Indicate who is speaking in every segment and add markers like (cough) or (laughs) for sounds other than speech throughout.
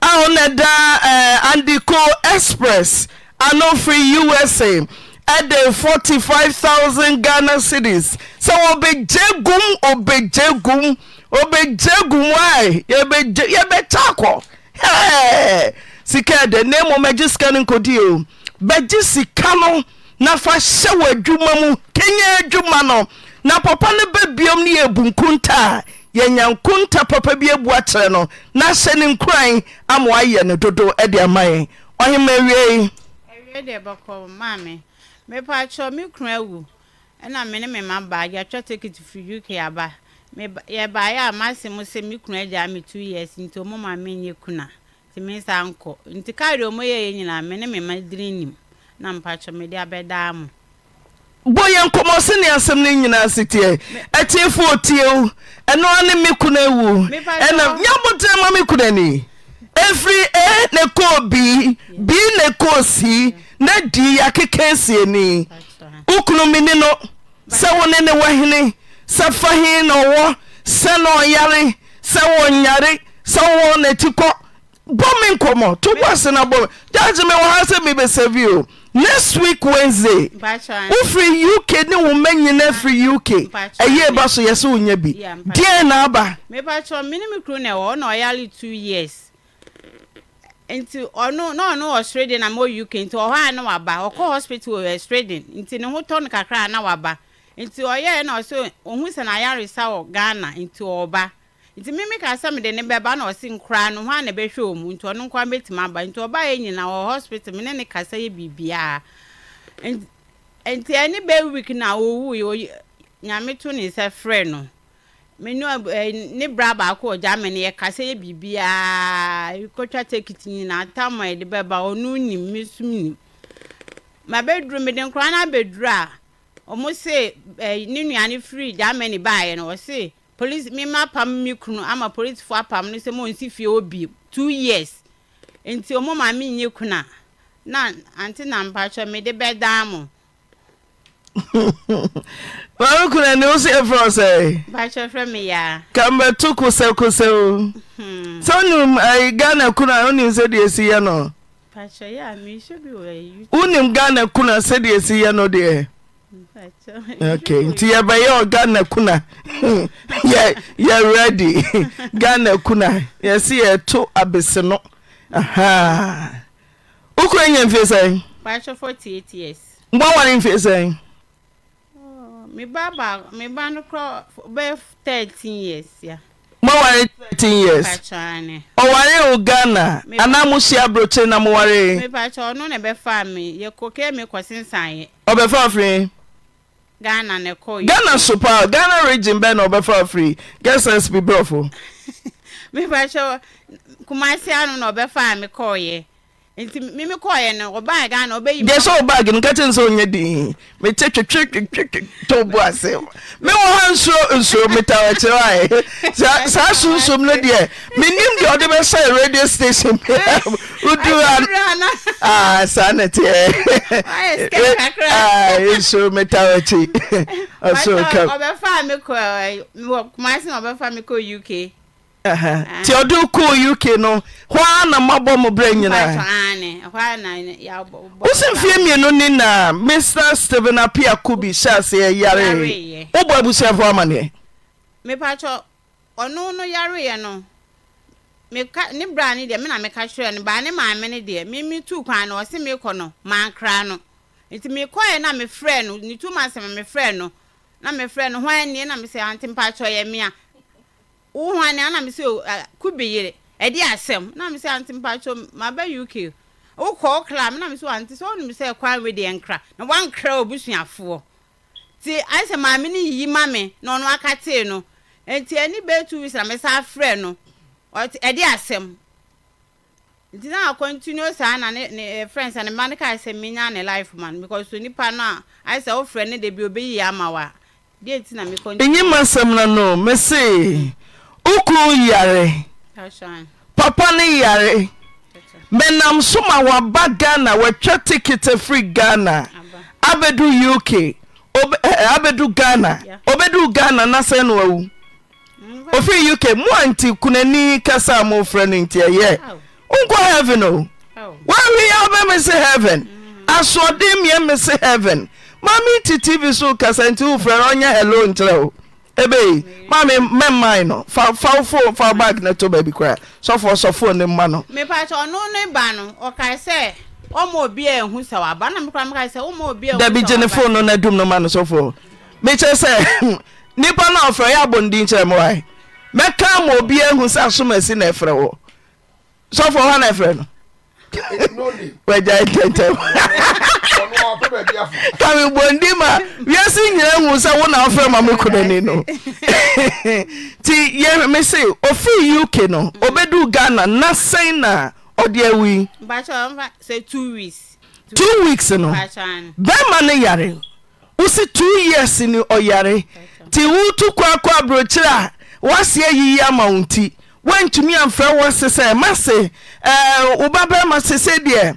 Speaker 1: ahụneda eh, andiko express anofri usa ɛde forty five thousand ghana cedis sɛ wɔbɛgyegum ɔbɛgyegum ɔbɛgyegum ae yɛbɛgye yɛbɛkyɛ akɔ hɛɛ sika ɛdɛ na emu mɛgye sika no nkodi o bɛgye sika no na fa hyɛ wɔ adwuma mu kenya adwuma no na papa ne bɛ biom ne yɛ bunkuntaa. yɛnyanko nta papa bi abua kyerɛ no na hyɛ ne nkuran ama wayɛ no dodo de ama yɛn ɔhema
Speaker 2: mepɛakyɛ me awu na me ne memabaa yɛatwa ticket firi uk aba yɛbaeɛ a mase mu sɛ me kura agyaa me two years nti ɔmoma menyɛ kuna nti nkɔ nti ɔmɔ yɛyɛ nyinaa me ne mema na mpakyɛ mede abɛdaa mu
Speaker 1: bo yɛ nkɔmmɔ sɛnea asɛm no nyinaa seteɛ atiefo otieo ɛnoa ne me kuna awu ɛnam nya boterɛ ma me kuna ni ɛfiri e ne kɔɔ bii bii ne kɔɔ sii na dii akeka sieni wo kunu meni no sɛ wo ne ne wɔ hene sɛ fa he na ɔwɔ sɛ na ɔyare sɛ wɔnyare sɛ wowɔ n'ati kɔ bɔ me nkɔmmɔ to bɔ ase na bɔ me gyaagye me wɔ ha sɛ mebɛsa bio next week wednesday wofiri uk eh, ne wo mma nyina firi uk ɛyɛ ba oh, so yɛ sɛ wonya bi deɛn na aba
Speaker 2: nti ɔno na ɔno wɔ sredin na mɔ uk nti ɔhɔ a na waba ɔkɔ hospital wɔ sredin nti ne ho tɔ no kakra a na waba nti ɔyɛɛ na ɔsɛ ohun sɛ na ayaresa wɔ ghana nti ɔba oh, nti mímí kasa mi de ne bɛba na ɔsi nkura no hɔ a na bɛhwɛ wɔn nti ɔno nkwa bɛtumi aba nti ɔbaa yɛ nyinaa wɔ hospital mi ne ne kasa yɛ biribiara nti ɛne bɛ week na owu yi nyame to ne nsa frɛ no me ne ɛ ne bra baako ɔgya mi ne yɛ kasa yɛ biribiara ekotwa tekiti nyinaa tam a yɛde bɛba ɔno nim mi nso nim ma bɛduru mi de nkura na bɛduru a wɔn se ɛ ne nua ne firi germany baayɛ no ɔse. police mema pam mi kunu ama polisifoɔ apam no sɛ mo fie obi bi two years nti ɔmo maame kuna na ante na mpakyɛ mede bɛdaa mo
Speaker 1: maame (laughs) kuna ne wo so ɛfrɛ hmm. sɛ
Speaker 2: mpakyɛ frɛ ya.
Speaker 1: yaa tu kosɛkosɛ o sɛ wonim eh, ghana kunu a wonim sɛ deɛ esi yɛ no ghana a si yɛ deɛ okay mm. nti yɛbɛyɛ ɔ ghana kuna (laughs) yɛ ready (laughs) ghana kuna yɛsɛ yɛto abese no aha wokura nya mfie sɛn mboa ware mfie sɛn moware 13 years
Speaker 2: ɔware wo ghana anaa mohyia
Speaker 1: aborɔkyere na mowaree ɔbɛfa afee
Speaker 2: ghana na ɛkɔ yi. ghana so
Speaker 1: ghana region bɛɛ na ɔbɛfa afiri gɛsɛs bi brɔfo.
Speaker 2: mipakyɛw kumasi ano na ɔbɛfa a mi kɔɔ yɛ nti mímí kọ́ yẹn no ọba ẹ̀gá náà ọba yìí. diẹ sọ
Speaker 1: baagi nka tí n sọ nyẹ dín mi tẹ twitwi twitwi tó bu ase mi wọ ha nsuo nsuo mi ta ọkyẹ wa yẹ saa sunsun mi deɛ mi nim deɛ ɔde bɛ sɛ radio station bi rudu a (laughs) ah, saa na teɛ nsuo mi ta ọkyẹ ɔsoro kam.
Speaker 2: ọbɛ fa mi kɔ ɛ wɔ kumasi na ọbɛ fa mi kɔ uk.
Speaker 1: Ah. nti ɔde wokɔɔ uk no hɔ ara na mabɔ mo berɛ nyinaa
Speaker 2: ah,
Speaker 1: wosi mfeɛ mmienu ni na mr steven apia kobi hyɛ aseɛ yaree wobɔ abusuafoɔ amaneɛ
Speaker 2: mepatwɔ ɔno no yareɛ no ne bra ne deɛ mena meka kyerɛ no baa ne maame ne deɛ meme tuu kwan no ɔse mekɔ no mankra no nti mekɔɛ na mefrɛ no ne tu ma sɛm mefrɛ no na mefrɛ no hɔ annie na mesɛ ante mpatwɔ yɛ me a wo hwane ana me sɛ uh, kubeyere ɛde asɛm na me sɛ ante mpakyɛ maba uk wokɔ wo kra me na me sɛ wante sɛ wonom sɛ kwan we deɛ nkra na woankra obusuafoɔ nti ayɛ sɛ maame no yiyi ma me na ɔno aka tee no nti ani bɛɛ tu weeks na me sa frɛ no ɛde asɛm nti na akɔntinio saa na ne ne eh, friends ne mma no kaa sɛ menya ne life man because nipa no a ayɛ sɛ wofrɛ ne de bi obɛyi ama wa deɛ nti na mekɔntinio ɛnyɛ
Speaker 1: masɛm na no mɛse ukuu yare papa ne yare menam so ma wɔaba ghana wɔatwa tikete fri ghana abɛdu uk eh, eh, abɛdu ghana obɛduu ghana na sɛ no awu mm, ofiri uk moa nti kunani kasa a mofrɛ no nti ɛyɛ wonkɔ heaven o woawiea wobɛme se heaven mm. asoɔden mmiɛ me se heaven mame nti tv so kasa nti wo frɛ no ɔnyɛ hello nkyerɛ o oh. ebe mami mẹ́mà yìí nọ fa fa fóònù fa báàgì na tó bẹ̀ẹ̀bi kura sọfọ sọ fóònù ní mma nọ.
Speaker 2: mipatọ ọ̀nù ní ba nù ọ̀ka ẹsẹ̀ ọmọ obi ẹ̀ e ń sẹ̀ wà bá náà mipatọ ọmọ ẹsẹ̀ obi ẹ̀ ń sẹ̀ wà bá. dẹbi jẹ ni
Speaker 1: fóònù na e dum ní ma nù sọfọ mẹkyẹ sẹ nípa náà ọ̀fẹ́ yà bọ̀ ndí mu wáyé mẹka ọmọ obi ẹ̀ ń sẹ asomasi náà ẹ̀fẹ̀ wọ sọfọ wọn náà ẹ̀fẹ̀ nọ wẹ́gya
Speaker 3: ka
Speaker 1: mgbe wiase ma wiasị nyere nwụ sɛ wo na wofrɛ ma mekora ni no nti yɛ me se ofii uk no mm. obɛdu ghana na sɛn na ɔde awi two weeks no bɛrima no yare wosi two years ni ɔyare e nti woto koakɔ aborɔkyerɛ a woaseɛ yiyi ama wo nti woantumi amfrɛ wo se sɛ ma se eh, wo babarɛma se sɛ deɛ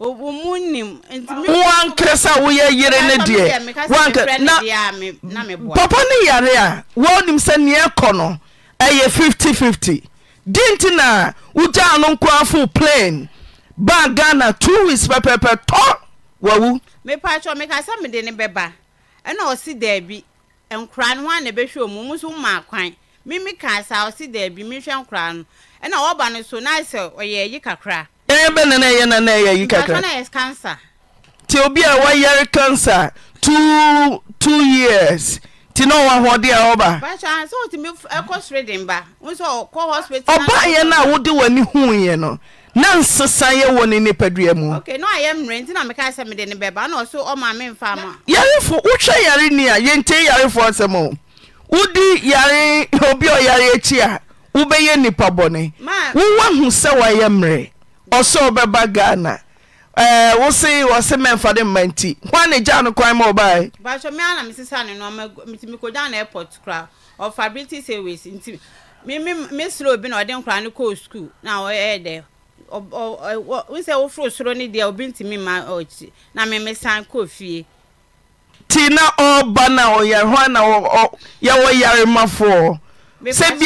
Speaker 2: wankere sɛ woyɛ yere ne deɛ papa ne yare a
Speaker 1: wɔnim sɛ neɛ kɔ no ɛyɛ 5050 denti na wogyaa no nkoa fo plane ba ghana two weeks pɛpɛpɛ tɔ wawu
Speaker 2: mepatwɔ meka sɛ mede ne bɛba ɛna ɔsi daabi nkora no ho a na ɛbɛhwɛ mu mu nso ma kwan mimi kaa saa ɔsi daabi mehwɛ nkora no ɛna wɔba no so na sɛ ɔyɛ ayi kakra
Speaker 1: ɛbɛ na nɛɛyɛ na nɛɛyɛ yi kakra
Speaker 2: nti
Speaker 1: obi a wayare canser two years nti na ɔwɔ ahoɔde a
Speaker 2: ɔbaɔbaeɛ no a wode
Speaker 1: w'ani huuiɛ no na nsesa yɛwɔ ne nnipadua mu yarefo wohwɛ yare ni a yɛntie yarefoɔ asɛm o wodi yare obi ɔyare akyi a wobɛyɛ nnipa bɔne wowɔ ahu sɛ woayɛ mmerɛ ọsọ ɔbɛba ghana wo se wɔse de mma nti no kwan me
Speaker 2: ana mesesa ne nɔmati mekɔgya na airport kora ɔfa british airways nti obi na ɔde nkora no na ɔyɛ dɛ wosɛ woforo soro no deɛ obi ntimi ma ɔkyi na memesan fie
Speaker 1: na ɔba na ɔyare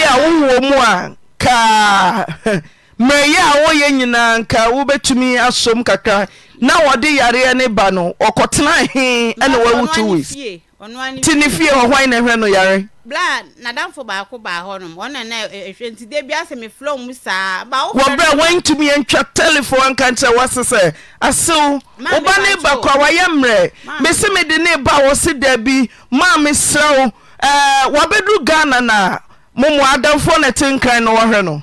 Speaker 4: a mu a
Speaker 1: kaa mmerɛ ya a woyɛ nyinaa nka wobɛtumi asom kakra na wɔde yareɛ ne ba no ɔkɔtena he na wawu 2 weeks
Speaker 2: nti ne fie wɔ hwan na hwɛ no yare wɔberɛ
Speaker 1: woantumi yɛntwa telefo anka nkyerɛ woase sɛ asew woba ne ba koa wayɛ mmerɛ mese mede ne ba wɔ se daa bi maa meserɛ wo wabɛduru ghana na momoa adamfoɔ ɛte nkran no wɔhwɛ no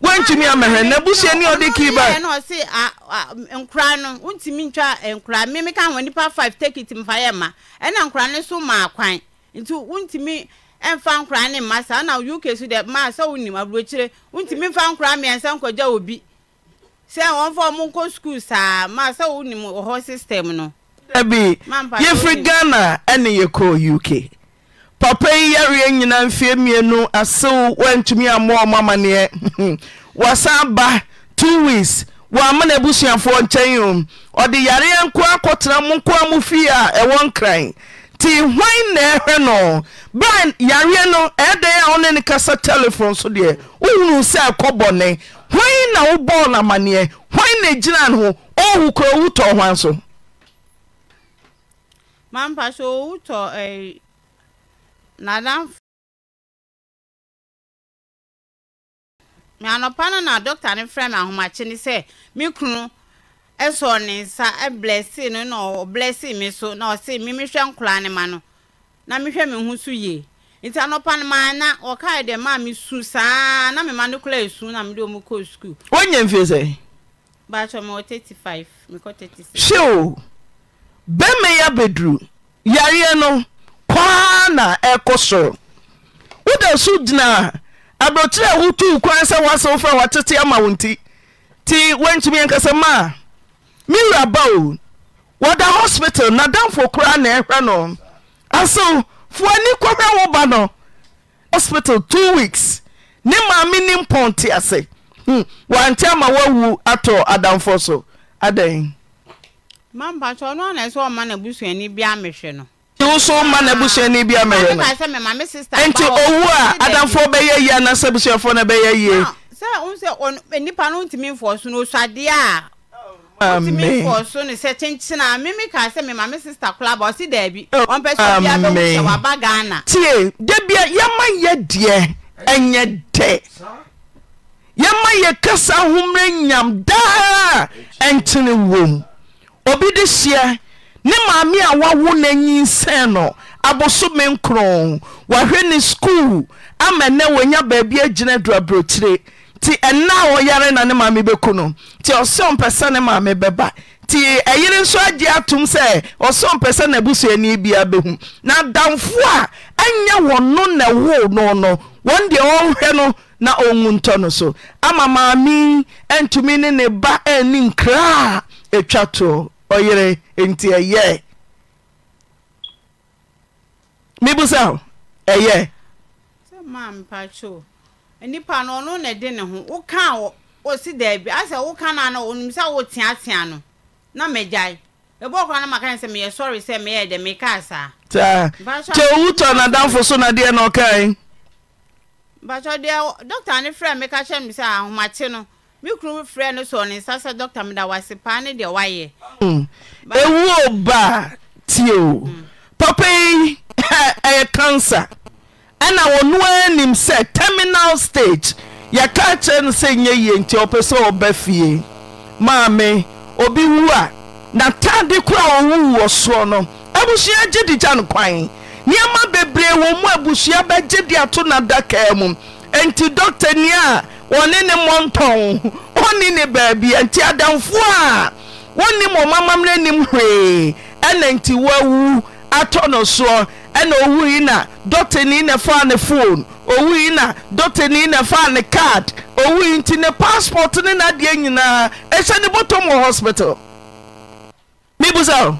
Speaker 1: wontumi amahwɛ na busua ni ɔde kii ba.
Speaker 2: ɛna ɔsi nkura no wontumi ntwa nkura mímí ka hɔn nipa five take it mfa yɛ ma ɛna nkura no so ma akwan nti wontumi ɛnfa nkura ne mma saa na uk so dɛ maa sɛ wonim aburokyire wontumi nfa nkura mmiɛnsa nkɔgya obi sɛ wɔn fɔ wɔn nkɔ sukuu saa maa sɛ wonim wɔ hɔ system no.
Speaker 1: ɛbi yɛfiri ghana ɛne yɛkɔɔ uk. papa yi yareɛ nyina mfeɛ mmienu asew woantumi ammoa ɔma amanneɛ (laughs) wɔasan ba two weeks na abusuafoɔ nkyɛn o ɔde yareɛ nkoa kɔtena mo nkoa mu fie a ɛwɔ nkran nti hwan na ɛhwɛ no berɛ yare no ɛɛdɛn a wone ne kasa telefone so deɛ wohunu sɛ ɛkɔ bɔne hwan na wobɔɔ no amanneɛ hwan na gyina no ho ɔhu owu wotɔ hwan so
Speaker 2: na meanɔpa no na dɔkta no frɛ me ahomakye ne sɛ me kunu sɔɔ ne nsa blɛsee no na ɔblɛsee me so na ɔse me mehwɛ nkoraa ne ma no na mehwɛ me ho so yie nti anɔpa no maa na ɔkae dɛ maa su saa na mema no kora na mede ɔmu kɔɔ sukuu
Speaker 1: wonya mfie sɛ
Speaker 2: baakyɛ mewɔ 35 mekɔ 36
Speaker 1: hyew bɛmɛ yɛ abɛduru yareɛ no hɔ na ɛkɔ so woda so gyina abrɛkyerɛ a wotuu kwan sɛ woase wo fa wɔatete ama wo nti nti woantumi ɛnkasɛ maa me wuraba o wɔda hospital nadamfo koraa na ɛhwɛ no aso fuani kɔhwɛ wo ba no hospital two weeks ne maa meni mpɔnte ase hmm, wɔante ama woawu atɔ adamfo so adɛn
Speaker 2: mampakyɛ ɔno ana ɛsɛ ɔma na busuani biaa mehwɛ no
Speaker 1: woso ma na abusuani bi amɛyɛ
Speaker 2: no nti owu a adamfoɔ bɛyɛ
Speaker 1: yie anasɛ abusuafoɔ no bɛyɛ yie
Speaker 2: sɛ wo sɛ nipa no ntumi mfoɔ so no osuadeɛ a
Speaker 1: ɔtumi mfoɔ
Speaker 2: so no sɛ kyenkyena meme kaa sɛ mema me sister kora ba ɔse daabi
Speaker 1: ɔmpɛ sɛ bia bɛwosɛ waba ghana tie da bia yɛma yɛ deɛ ɛnyɛ dɛ yɛma yɛ kasa hommerɛ nyam daa ɛntene wom obi de hyeɛ ne maame a woawo n'anyinsɛn no abosome nkron wahwɛ ne skuul ama nɛ baabi agyina ti ɛna a ɔyare na ne maame bɛku no nti ɔsɛmpɛ sɛ ne maame bɛba nti ɛyere nso agye atom sɛ ɔsɛmpɛ sɛ na adamfo a ɛnyɛ wɔno na woo no no wɔn deɛ no na ɔwu ntɔ no so ama maame ne ne ba nkraa nti ɛyɛ mebusa ɛyɛ
Speaker 2: maa mpakyɛw nipa no ɔno na ɛde ne ho woka ɔsi daabi asɛ woka no na ɔnim sɛ woteatea no na magyae ɛbɔ kora no maka ne sɛ meyɛ sɔre sɛ meyɛ dɛ mekaa saa
Speaker 1: taa kyɛ wotɔ nadamfo so na deɛ na ɔkae
Speaker 2: mpakyɛw deɛ dɔkta ne frɛ meka kyɛ me sɛ ahomakye no nsa sɛ dɔkta paa ne deɛ
Speaker 1: ewu ba tio mm. papa yi (laughs) ɛyɛ canser ɛna wɔno ara nim terminal stage yɛka akyerɛ no sɛ nyɛ yie nti fie maame obi wu a natade kora ɔwuu wɔ soɔ no abusua gye di gya no kwan nneɛma bebree wɔ mu abusua wonim ɔmamammerɛ nim hwee ɛna nti woawu atɔ no soɔ ɛna owui na dɔtani na faa ne phone owui na dɔtani na faa ne card owui nti ne passport e ne n'adeɛ nyinaa ɛhyɛ ne bɔtɔm wɔ hospital mibusa o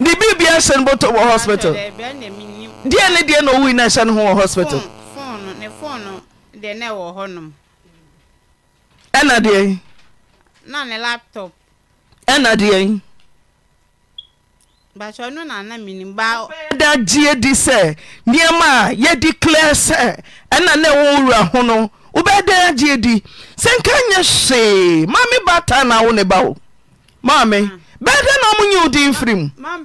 Speaker 1: ne biribi ahyɛ ne bɔtɔm wɔ hospital
Speaker 2: deɛ ne deɛ na
Speaker 1: owui na ɛhyɛ ne ho wɔ hospital ɛna deɛ.
Speaker 2: na ne laptop. ɛna deɛ. bàtà ọ̀nù nànà mi ni bá.
Speaker 1: ɛda e gye di e sɛ nneɛma e a yɛdi clear sɛ na ɛwɔ owura ho no wobɛda gye di sɛ nka nyɛ maami bata na wo ne ba o hmm. na ɔmo nye odi mfiri mu. ma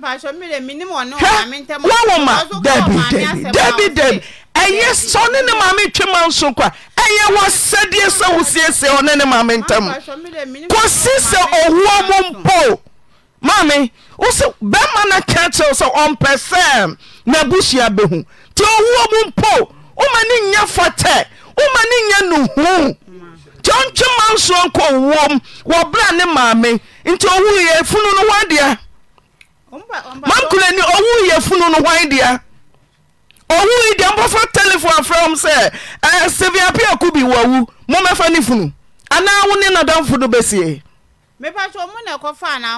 Speaker 1: ɛyɛ sɛ ɔne ne maame twema nso kwa ɛyɛ wɔ sɛ wo siesie ɔne ne maame ntam kosi sɛ ɔhoɔ mo mpo maame wo sɛ bɛrima no ka kyerɛw sɛ ɔmpɛ sɛ n'abusua bɛhu nti ɔhoɔ mpo nya fatɛ woma nya nti ɔntwema nsoɔ nkɔ ne maame funu no hwan ɔhui deɛ mɔfa telefone afrɛm sɛ eh, sɛviapi ako bi wɔwu momɛfa ne funu anaa wo ne nadamfo no bɛsie
Speaker 2: nadɛn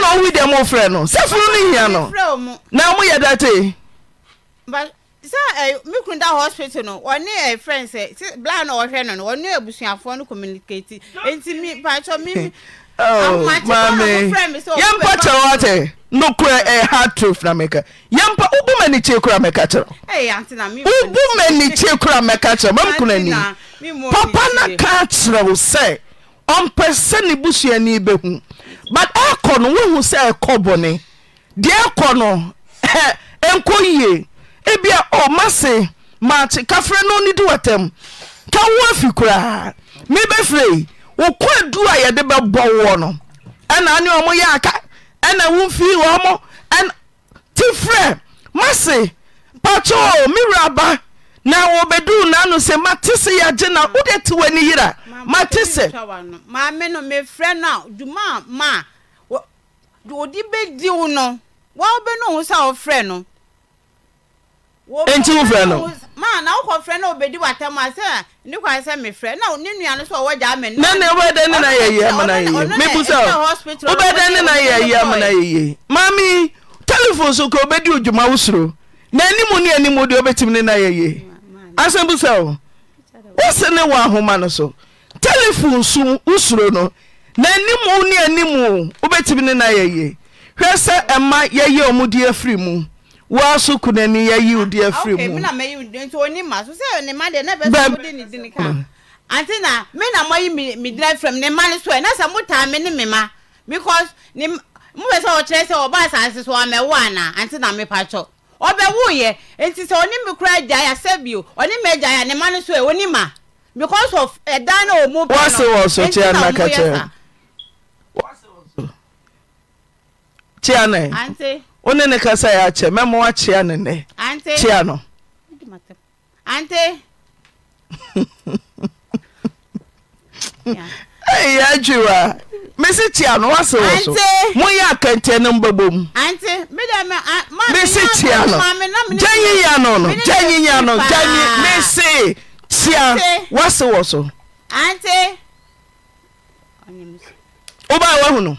Speaker 2: na ɔhui deɛ mofrɛ no sɛ funu no hia na moyɛ da tee sɛ me da hospital no ɔne frien sɛ bla na ɔhwɛ no no ɔne abusuafoɔ no communicati (laughs) nti mepakyɛ (laughs)
Speaker 5: yɛmpa kyerɛ woate
Speaker 1: nokora ɛha truf na meka yɛmpa e wobo e e oh, ma nikye kora mɛka kyerɛ
Speaker 2: wobo ma nikye kora mɛka kyerɛ mamkona ni papa no ka
Speaker 1: kyerɛ wo sɛ ɔmpɛ sɛ ne busuani bɛhu but ɛkɔ no wohu sɛ ɛkɔ bɔne deɛ ɛkɔ no ɛnkɔ yie ebia ɔma se maakye kafrɛ no ne di watam ka wo afi koraa mebɛfirɛi wokɔ edu a yɛde bɛbɔ woɔ no ɛna ne ɔmo yɛ aka ɛna na wɔ mo ti frɛ mase pakyɛo me wuraba na wɔbɛduu naa na sɛ mate sɛ yagye na wode te w'ani yira mate sɛ
Speaker 2: maame no no ma ɔde bɛdi wo ɛnti wo frɛ no na wokɔfrɛ no obɛdi watam a sɛ ne kwan sɛ mefrɛ na ne nua no so ɔwɔ gya mɛ nne wobɛdɛ ne na yɛyie ama na no yɛyie mebu sɛ wobɛdɛ ne na yɛyie ama na no
Speaker 1: yɛyie maami telephone so kora wobɛdi odwuma wo suro na animu ne animu deɛ wobɛtumi ne na yɛyie asɛm bu sɛ wo wose ne wɔ ahoma no so telephone so wo suro no na animu ne animu wobɛtumi ne na yɛyie hwɛ sɛ ɛma yɛyɛ ɔmudie firi mu wɔaso kuna ah, ni yɛyi wo deɛ firi mu mm.
Speaker 2: ante na me na mɔyi medina firi mu ne ma no so ɛ e. na sɛ motaa me ne me ma because ne mobɛ sɛ ɔkyerɛ sɛ ɔba asase so amɛwo ana ante na mepakyɔ ɔbɛwo yɛ nti sɛ ɔne me kora agyae asɛ bio oni me agyae a ne ma no so ɛ e, ɔni ma because of ɛdan na ɔmu pɛ no nti na ɔmu yɛ sa. Chiana. E. Auntie
Speaker 1: wo ne ne kasa yɛ akyɛ mɛma woakyea ne nnɛ kyea no ɛyɛ adwiw a mesi kyea no woase wɔ so moyɛ akanteɛ no mbɛbɔ mu
Speaker 2: mesi kyea no gya nyiya no no gya nyiya no gya nyi
Speaker 1: mesi kyea woase wɔ so wobaa woahu no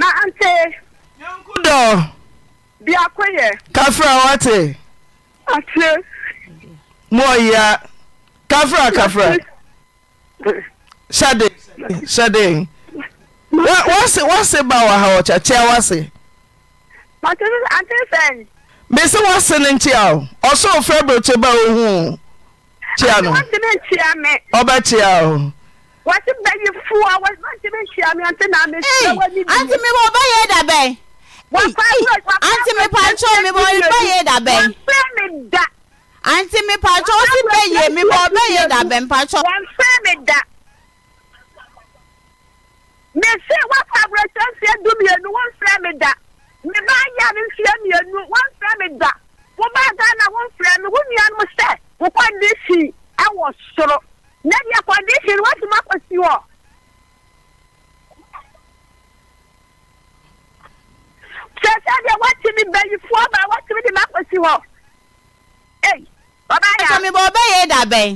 Speaker 1: na ante. Nyanku dọ.
Speaker 6: Bi akoye.
Speaker 1: Kafra wate. Ate. Mọ ya. Kafra kafra. Shade. Shade. Wase wase ba wa ha ọcha chia wase.
Speaker 6: Mate ante sen.
Speaker 1: Bese wase ne nchia o. Ọsọ ofre broche ba ohun. Chia no. Ọbẹ chia o.
Speaker 6: wàtí bẹ yìí fún wa wàtí bẹ ṣe àmì àti nà mi. ee àǹtí mi bọ bá yẹ dàbẹ. àǹtí mi pàṣọ mi bọ bá yẹ dàbẹ. wọ́n fẹ́ mi dà. àǹtí mi pàṣọ ó sì bẹ yẹ mi bọ bẹ yẹ dàbẹ pàṣọ. wọ́n fẹ́ mi dà. mi sí wọ́n fà àbúròṣe ń fiẹ́ dùn mìínú wọ́n fẹ́ mi dà. mi bá yà mí fiẹ́ mìínú wọ́n fẹ́ mi dà. wọ́n bá dáná wọ́n fẹ́ mi wọ́n mìíràn sẹ́ wọ́n kọ́ na deɛ condition watumi akɔsi hɔ sɛ sɛ deɛ watumi bayifoɔ ba watumi de ma akɔsi hɔ ei ɔbaayɛ a. mi bɔ ɔbɛyɛ dabɛn.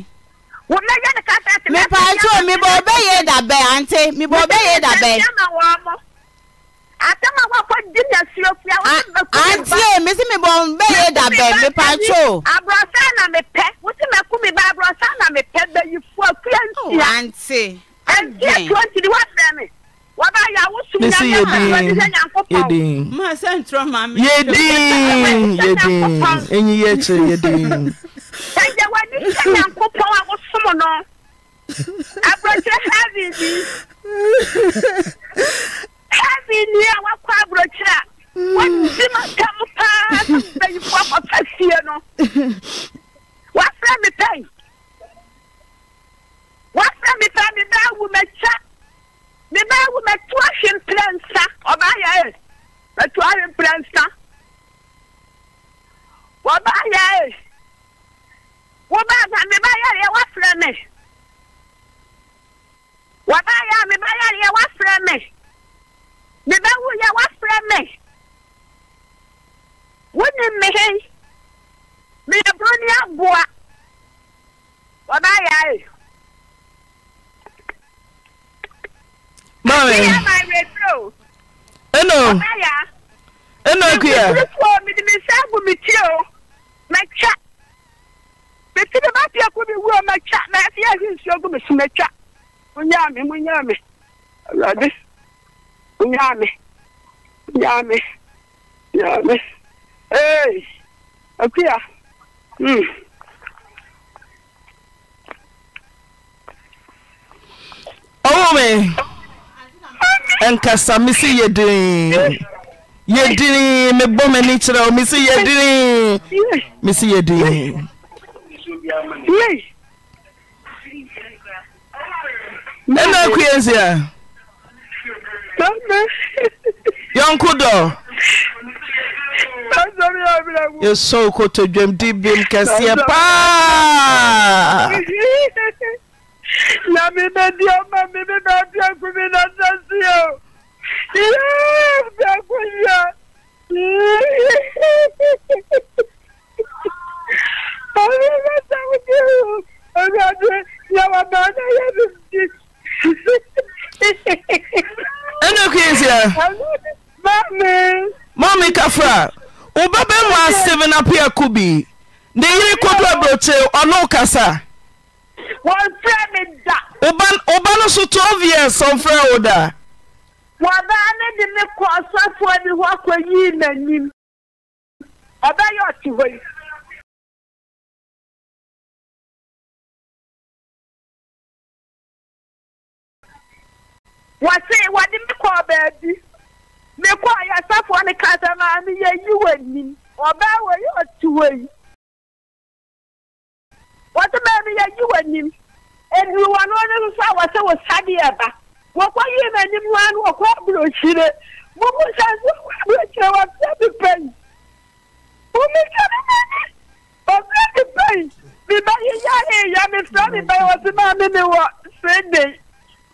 Speaker 6: wò lè yẹ ni kásẹ̀ tì. mi pa ẹtú mi bọ ọbẹ̀ yẹ dàbẹ̀ àǹtí mi bọ ọbẹ̀ yẹ dàbẹ̀. mi bẹ yẹ dàbẹ̀ atama wafɔ di na fio fia wɔn bɛ kun mi ba. auntie misi mi bɔ n bɛ ye mi patro. aburɔsan na mi pɛ wusi mɛ kun mi ba aburɔsan na mi pɛ bɛ yi fo fia n tia. auntie auntie ɛntiɛ tuwɔnti ni wa fɛ mi wàbá yàwó sùn yàrá yàrá yàrá yedin
Speaker 1: yedin yedin enyi yẹ ẹkyẹ yedin.
Speaker 6: ẹ̀jẹ̀ ní sẹ́yìn àkópọ̀ àwọn súnmù náà àbúrò ṣe hàbì bíi heavy ni a wakɔ aburokyi a mm. wɔdi ma tam paa sɛ mpanyinfoɔ akɔfa fie no (laughs) wafrɛ mi pɛn wafrɛ mi pɛn mi bɛ awu mɛ kyɛ mi bɛ awu mɛ tu ahwe mpere nsa ɔbaa yɛ ɛ mɛ tu ahwe mpere nsa ɔbaa yɛ ɛ wɔbaa ta mi bɛ yɛ ɛ wafrɛ mi wɔbaa yɛ mi bɛ yɛ ɛ wafrɛ mi mebe wu ya wafrɛ me wone me hei meyɛ buroni aboa ɔbaayɛ ae
Speaker 1: maame ɛnɔ ɛnɔ kuya
Speaker 6: mede me nsa agu me tiri o matwa metiri bapia ko bi wuo matwa na afei ahi nsuo gu me so matwa monyaa me monyaa me awurade
Speaker 1: wome hmm. nkasa mesi yɛ die yɛdine mebɔ mni kyerɛ meisiyɛ yɔnko dɔ yɛsɔ koto dwam di bim kɛseɛ paa
Speaker 6: na mi bɛ di ɔma mi mi bɛ di ɛku mi na sɛ si o yee bɛ ku yɛ ɔmi bɛ sɛ o di o ɔmi adi yɛ wa bɛ ɔna yɛ mi di. (laughs)
Speaker 1: ɛna kwesia mami kafra wo bɛbɛmu asɛm no pe ako bi ne yere kodo aborɔkyere ɔno wo kasa woba no so 12 years ɔmfrɛ wo da
Speaker 4: wɔbaa ne de me kɔ ɔsɔfoɔ bi hɔ akɔyii n'anim ɔbɛyɛ wɔse wɔde me kɔɔ baabi mekɔɔ yɛ safoɔ ne kasa maame yɛyi
Speaker 6: w'anim ɔbaa wɔ yi ɔte wɔ yi wɔte maame yɛyi w'anim ɛduru wɔ no ne nso a wɔsɛ wo sadeɛ ba wɔkɔ yie m'anim no ano wɔkɔ aburokyire mumu sɛ nso aburokyire wɔfrɛ me pɛi mumi sɛ me mani ɔfrɛ me pɛi mebɛyeyɛ yeyɛ mefrɛ me pɛi wɔte maame me wɔ sunday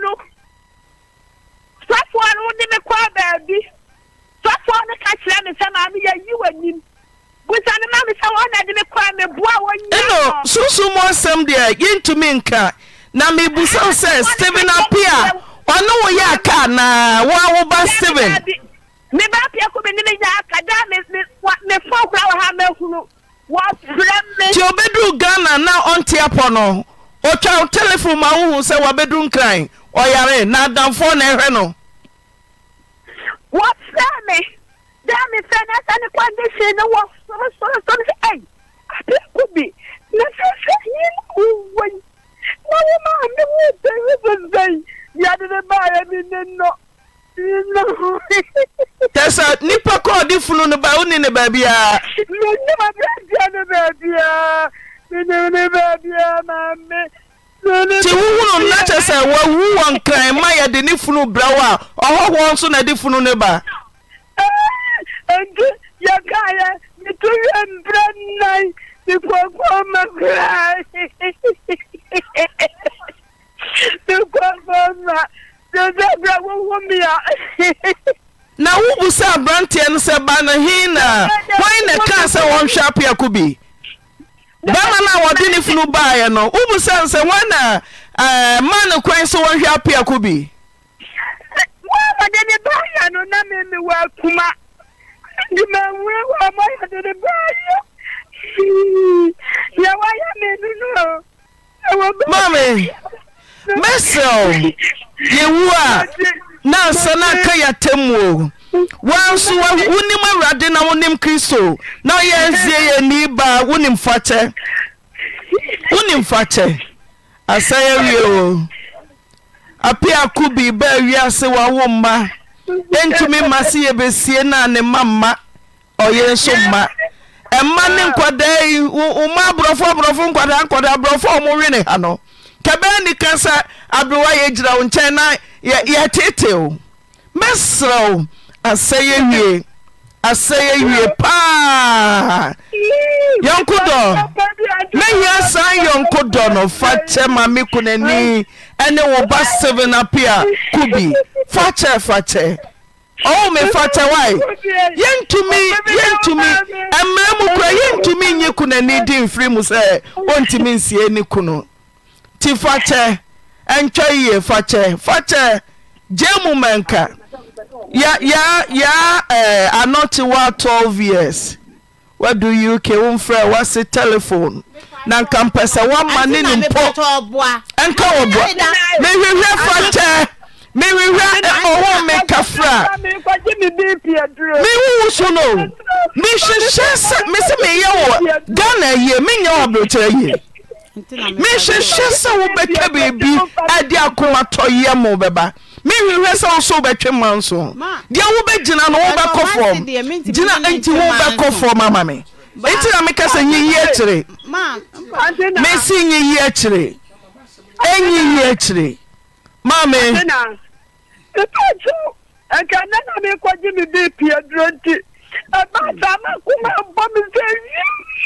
Speaker 6: no sɔfoɔ no de me kɔɔ baabi sɔfoɔ no ka kyerɛ me sɛ maame yɛyi w'anim busa no ma me sɛ wɔn na de me kɔɔ me boa wɔn nyinaa. ɛnno
Speaker 1: sunsun mu ɔsɛm deɛ yɛntumi nka na mebusa wo sɛ steven apia ɔne wo yɛ aka anaa woawo ba steven me ba apia ko
Speaker 6: me ne me nya aka
Speaker 1: da me me fɔ kura wɔ ha mɛhunu wɔfrɛ me. tí o bɛ duru ghana na ɔnte apɔ no ɔtwa wo telefone ma wohu sɛ wabɛdu nkran ɔyare na adamfoɔ na ɛhwɛ no
Speaker 6: wɔfrɛ me dɛ mefrɛ no asa ne kwandehyee no wɔ sorosorosoro sɛ ei abrɛko bi na sɛsɛ yi na wowai na wo maa me wo bɛyi bɛbɛi yɛde
Speaker 1: ne baayɛ me ne nɔ tẹsán nípa kọ́ọ̀dì funu ni báwo ni ni bàbí yá. mo ní ma bẹ́ẹ̀ bí ẹni bẹ́ẹ̀ bí yá
Speaker 6: nti wohunu na kyɛ sɛ wawu wɔ nkran ma yɛde
Speaker 1: ne funu brɛ wo a ɔhɔhoɔ nso na de funu ne ba
Speaker 6: nti yɛkaeɛ meto yɛ mbrɛ nnan mekɔkɔɔ ma ma sɛ sɛ brɛ
Speaker 1: na wobu sɛ aberanteɛ no sɛ ba no hei na hwan na kaa sɛ wɔnhwɛ apeako bi bɛima no a wɔde ne funu baaeɛ no wobu sane sɛ wɔna eh, ma no kwan sɛ wɔnhwɛ apeako bi
Speaker 6: wɔmɔde ne baayɛ no na
Speaker 1: memewɔ akuma
Speaker 6: de mawura wɔ mɔyɛ de ne baayɛ yɛ wɔyɛ
Speaker 1: menu no mame mɛsɛw yɛwu a na ansa no aka yɛatam o wanso wonim awurade na wonim kristo na ɔyɛ nsie yɛ ni baa wonim fakyɛ wonim fakyɛ asɛe awie o apeako bi ase wiase wawo mma ɛntumi ma se yɛbɛsie no a ne mma mma ɔyɛ nso mma ɛma ne nkwadaa yi woma aborɔfo aborɔfo nkwadaa nkwadaa aborɔfo ɔmo wene ha no kɛbɛɛ nika sɛ aberewa yɛgyina wo nkyɛn na yɛtetew mɛserɛ o. asɛyɛ wie asɛyɛ wie paa yɔnko dɔ mɛhia san yɔnko dɔ no fa kyɛ ma me konani ɛne wo ba seven apia kubi fa kyɛ fa kyɛ ɔwo me fa kyɛ wae
Speaker 5: yɛntumi
Speaker 1: yɛntumi ɛmmerɛ mu yɛntumi nye konani di nfiri mu sɛ wɔntumi nsie ne kunu ti fa kyɛ ɛntwa yie fa kyɛ fa kyɛ gye mu mɛnka ya ya ya eh, anọtiwa 12 years wadu uk womfrɛ wase telephone na nka mpɛ sɛ woama ne ne mpo ɛnka wɔ boa mehwehwɛ fa kyɛ
Speaker 6: mehwehwɛ ɔho me kafra mewowo so no
Speaker 1: mehyehyɛ sɛ me sɛ meyɛ wɔ ghana yie menyɛ wɔ aberɛkyerɛ yie mehyehyɛ sɛ wobɛka biribi ade akomatɔyɛ mo bɛba mehwehwɛ sɛ wo so wobɛtwe ma nso deɛ wobɛgyina no wobɛkɔ fam gyina nti wobɛkɔ fam ama me ɛnti na meka sɛ nyiyi akyire mesi nyiyi akyire ɛnyiyi akyire mame
Speaker 6: nka nne na mekɔgye me bepie duro nti ɛba saa makoma bɔ me sɛ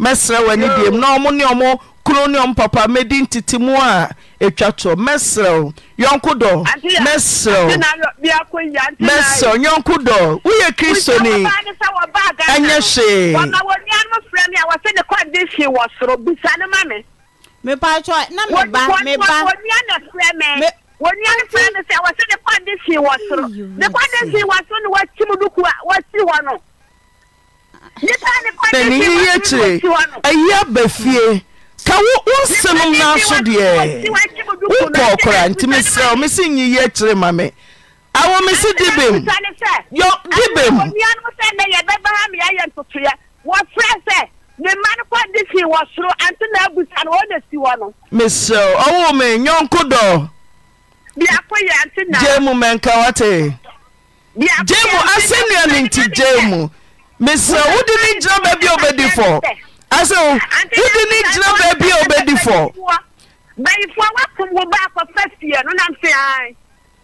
Speaker 1: mɛsrɛ w'ani deɛm na ɔmo ne ɔmo kunu ne ɔmo papa mɛdi ntete mu a ɛtwa toɔ mɛsrɛ wo yɔnko dɔ mɛsrɛ wo mɛsrɛ wo yɔnko dɔ woyɛ kristoni
Speaker 6: ɛnyɛ hwee mepaatwa na meba meba wòní ẹni fún ẹni sẹ wọ́n sẹ́ni kọ́ndé sí wọ́n sọ̀rọ̀ ní kọ́ndé wọ́n sọ̀rọ̀ ni wọ́n ti mu dúkú wọ́n ti wọ́n nù
Speaker 1: n'ani yɛ kyerɛ ɛyɛ aba fie ka wo wo nsɛm no so deɛ wokɔɔ kora nti mesrɛ wo mese nyi yɛ kyerɛ ma me awo mese dibem
Speaker 6: yɔ dibem
Speaker 1: mesrɛ ɔwo me nyɔnko dɔ gye mu mɛnka wate gye mu asɛnnea ne nti gye mu mesrɛ wode ne gyina baabi a obɛdi fɔ asɛ wode ne gyina baabi a obɛdi fɔ
Speaker 6: bayifoɔ wakom wo ba akɔfa fie no nam se ae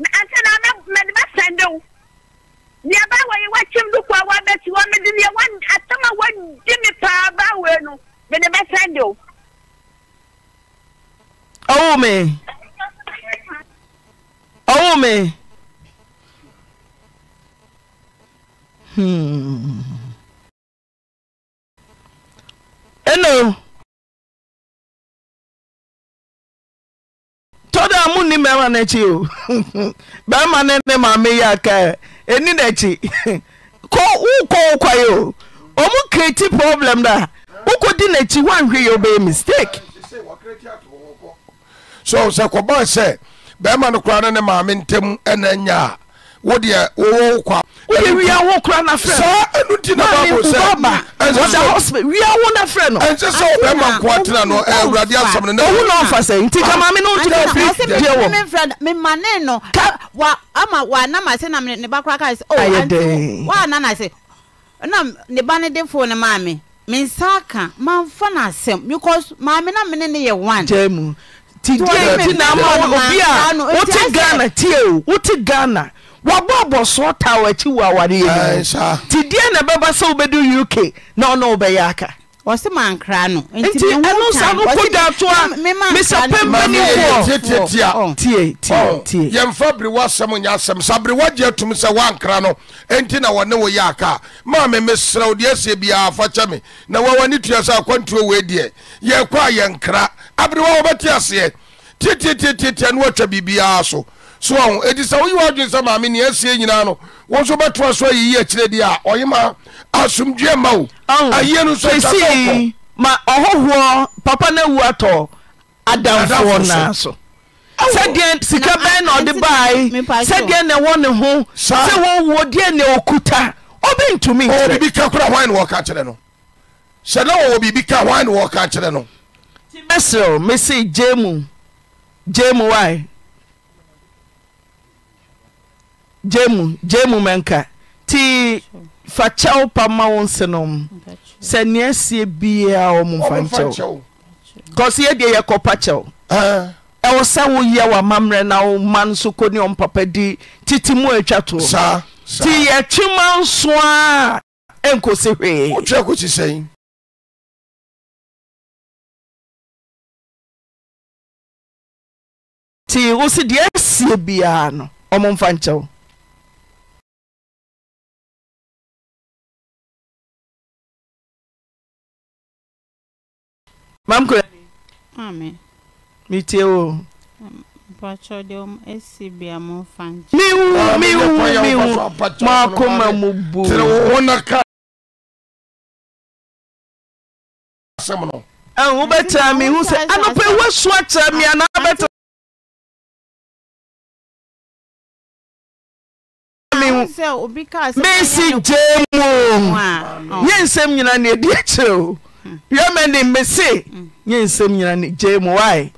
Speaker 6: ɛsɛ na mede bɛsɛnde wo deɛ ba wɔ yi wakyem do kɔa woabɛsi hɔ mede deɛ atam a wagye me paa ba wei no mede bɛsɛnde wo
Speaker 1: ɔwo me ɔwo me
Speaker 4: hmm eno tɔda mu ni bɛrima n'akyi o (laughs) bɛrima ne ne maame
Speaker 1: yi aka eni n'akyi kɔ wokɔ wokɔ yi o Ọmụ kireti
Speaker 7: problem da wokɔ di n'akyi wanhwɛ yi obɛyɛ mistake. so sɛ kɔbaa sɛ bɛrima no koraa ne ne maame ntam ɛna nya a wo deɛ wowɔ kwa. wóni wia wo kura na fẹ. saa ẹnu ti na baabu sẹ ọjà hospital wia wo na fẹ no. ẹnjẹ sẹ ọbẹ ma nkọ atena no ẹ awurade asọmu ne. òun náà fà sẹ
Speaker 1: nti kama mi n'o tura fi diẹ wọ. mi
Speaker 2: fẹ mi ma ne nọ wa ama wa nam ase na ne ba kura ka ẹ sẹ. ayẹ wa nana ase na ne ba ne de fone maa mi mi nsa kan maa n fa na asẹm because maame na mi ne ne yẹ one. jẹ mu
Speaker 1: ti diẹ ti na ama obi a wote ghana tie o wote ghana. wbɔb soɔ tawaki wɔ waɛnti ɛ nɛba ɛ wouk ɔnwoɛs naoam
Speaker 7: ani yɛmfa bere wa asɛm onya asɛm sɛ aberewa gye atum sɛ woankra no enti na wɔne wo yɛ aka a maa memesrɛwodeɛ asiɛ biaa fakyɛ me na woaw' ne tuasɛ a kwantua wediɛ yɛrkɔ a yɛnkra abere wa a wɔbɛtu aseɛ tiɛtiɛtititia na watwa biribiaa so so ɔho um, ɛti sɛ woyi w'adwene sɛ maame nea asie nyinaa no wo nso bɛtoa so ayiyi akyirɛ deɛ a ɔye ma asomdwue ma wo ayie no nso ɛsi ma ɔhɔhoɔ papa no awu atɔ adamfoɔ naa so
Speaker 1: sɛdeɛ sika bɛn na ɔde bae sɛdeɛ na ɛwɔ ne ho
Speaker 7: sɛ wɔwuo deɛ na ɔkuta ɔbɛntumi nkyerɛ biribi ka kora hwan na wɔka kyerɛ no sɛ na wɔwɔ biribi ka hwan na wɔka kyerɛ no mɛserɛw mese gye mu
Speaker 1: gye mu wae gye mu gye mu mɛnka nti fa kyɛw pa ma wo nsenom sɛ nea asie biaa ɔ mo mfa nkyɛw kɔse yɛdeɛ yɛkɔpa kyɛw ɛwɔ sɛ woyɛ w'amammerɛ na wo ma nso kɔni ɔmpapa di titi mu atwa
Speaker 4: toɔ nti yɛtwema nso a ɛnkɔsi hwee nti wo se deɛ asie biaa no ɔmo mfa nkyɛw mehmemehumaa koma mu buwobɛtrɛ mehu sɛ anɔpa ɛwo sua kyerɛ meanaabɛau mɛsi gya muyɛ nsɛm nyina ne
Speaker 1: biakyerɛ o piamɛne mese mm. nyɛ nsɛm nyina ne gyee mu wae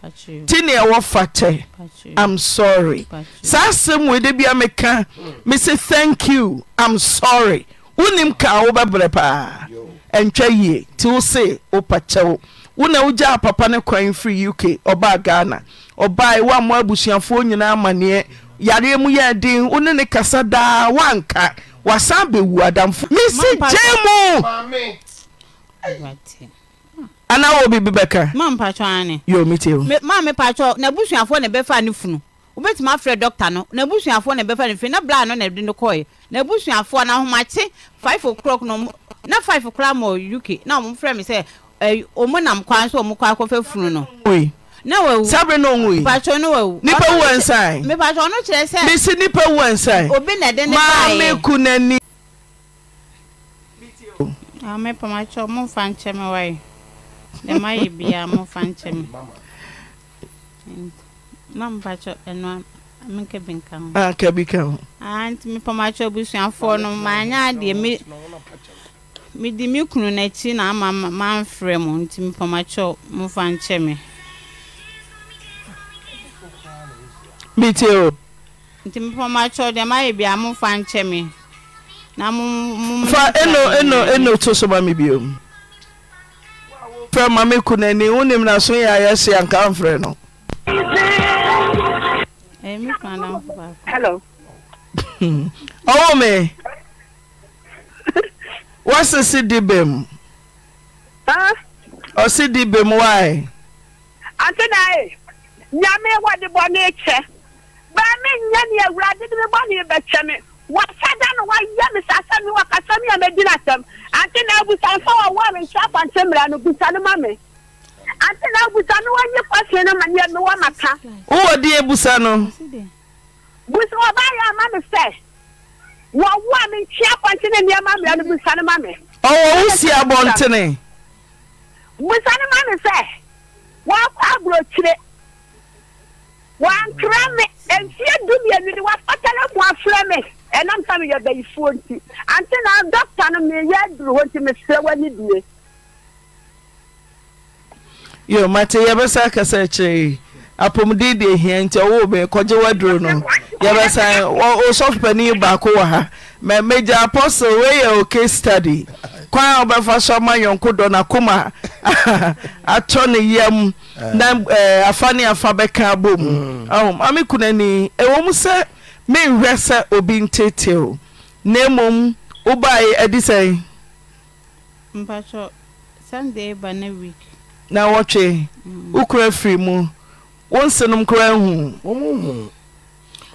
Speaker 1: nti nea ɛwɔ fa kyɛ am sorry saa asɛm wede bia meka mese thank you am sorry wonim ka wobɛbrɛ paa ɛntwa yie nti wo se wopa kyɛwo wona wogyaa papa no kwan fri uk ɔbaa ghana ɔbae woammoa abusuafoɔ nyinaa amanneɛ yareɛ mu yɛ den wo ne ne kasa daa woanka wasan bɛwu adamfo mesi gyee mu Hmm. ana wo bibi bɛka. maa mpatsɔ ani. yoo mi te o.
Speaker 2: maa mi patsɔ na busuafo na bɛfa ni funu wobɛtumi afrɛ dɔkta no na busuafoɔ na bɛfa ni funu. na bla no na de no kɔɛ na busuafoɔ na ahomakye 5 o'clock no na five o'clock ma uk na ɔmo frɛ me sɛ ɔmo nam kwan so ɔmo kɔ akɔfɛ funu no na wawu
Speaker 1: sábẹ náà wù yìí pàtó ní wawu nípa wù ẹnsáì
Speaker 2: mi pàtó ọ̀nà kyerẹ sẹ mi sí
Speaker 1: nípa wù ẹnsáì
Speaker 2: obi nà ẹdín ní báyìí maame kun n'ani mepamakyeɛ ah, momfa nkyɛ me wae dɛ mayɛ mo momfa nkyɛ me na mepakyɛ ɛno menka bi nka ho ah, ka bi ka ho ah, nti mepamakyeɛ abusuafoɔ no maanyɛ adeɛ me mede me kunu n'akyi na ama mamfrɛ mu nti mepamakyeɛ momfa nkyɛ me o nti mepamakyeɛ deɛ mayɛ biaa momfa nkyɛ me fa ɛnɔ ɛnɔ
Speaker 1: ɛnɔ to so ma mi bi o fɛ maame kunani wo nim na so yɛ ayɛ se anka mfrɛ no. ɔwɔ me wasese di bem ɔsi di bem wae.
Speaker 6: ante na ye nyame wɔde ne kyɛ bɛɛ me nyɛ ne awurade de me bɔ ne bɛkyɛ wahyɛda no wayɛ me sasa mi wakasa mi a medi n'asɛm ante na abusa nfa wa wa mi nhyɛ akwante mmerɛ no busa no ma mi ante na abusa no wanyi kwasi no ma yɛ mi wa ma ka.
Speaker 1: wowɔ di ebusa no.
Speaker 6: busa ɔba yɛ ama mi sɛ wɔwo a mi nkyɛn akwante ne nneɛma mmerɛ no busa no ma mi.
Speaker 1: ɔwɔ wusi abɔntene.
Speaker 6: busa no ma mi sɛ wɔakɔ aburokyire wɔantwerɛ mi mfie du mmienu ni wɔafɔtɛlɛ mu afrɛ ɛnam sɛ meyɛ bayifoɔ nti ante na dɔkta no meyɛ duru hɔ nti mesrɛ w'ani die
Speaker 1: yo mate yɛbɛsa kasa kyerɛ apɔmuden de ahia nti ɔwo bɛn kɔgye waduro no yɛbɛsan ɔsɔfo panin baako wɔ ha mɛ mɛgya apostle weyɛ o case study kwan a wɔbɛfa so ama yɔnko dɔ n'akoma (laughs) atɔ ne yam na afa ne afa bɛka abom mm. ɔmo ame kunani ɛwɔ mu sɛ. menhwɛ sɛ obi ntete o na mmom wobae adi sɛn na wɔtwe mm. wo kora firi mu wo nsenom kora hu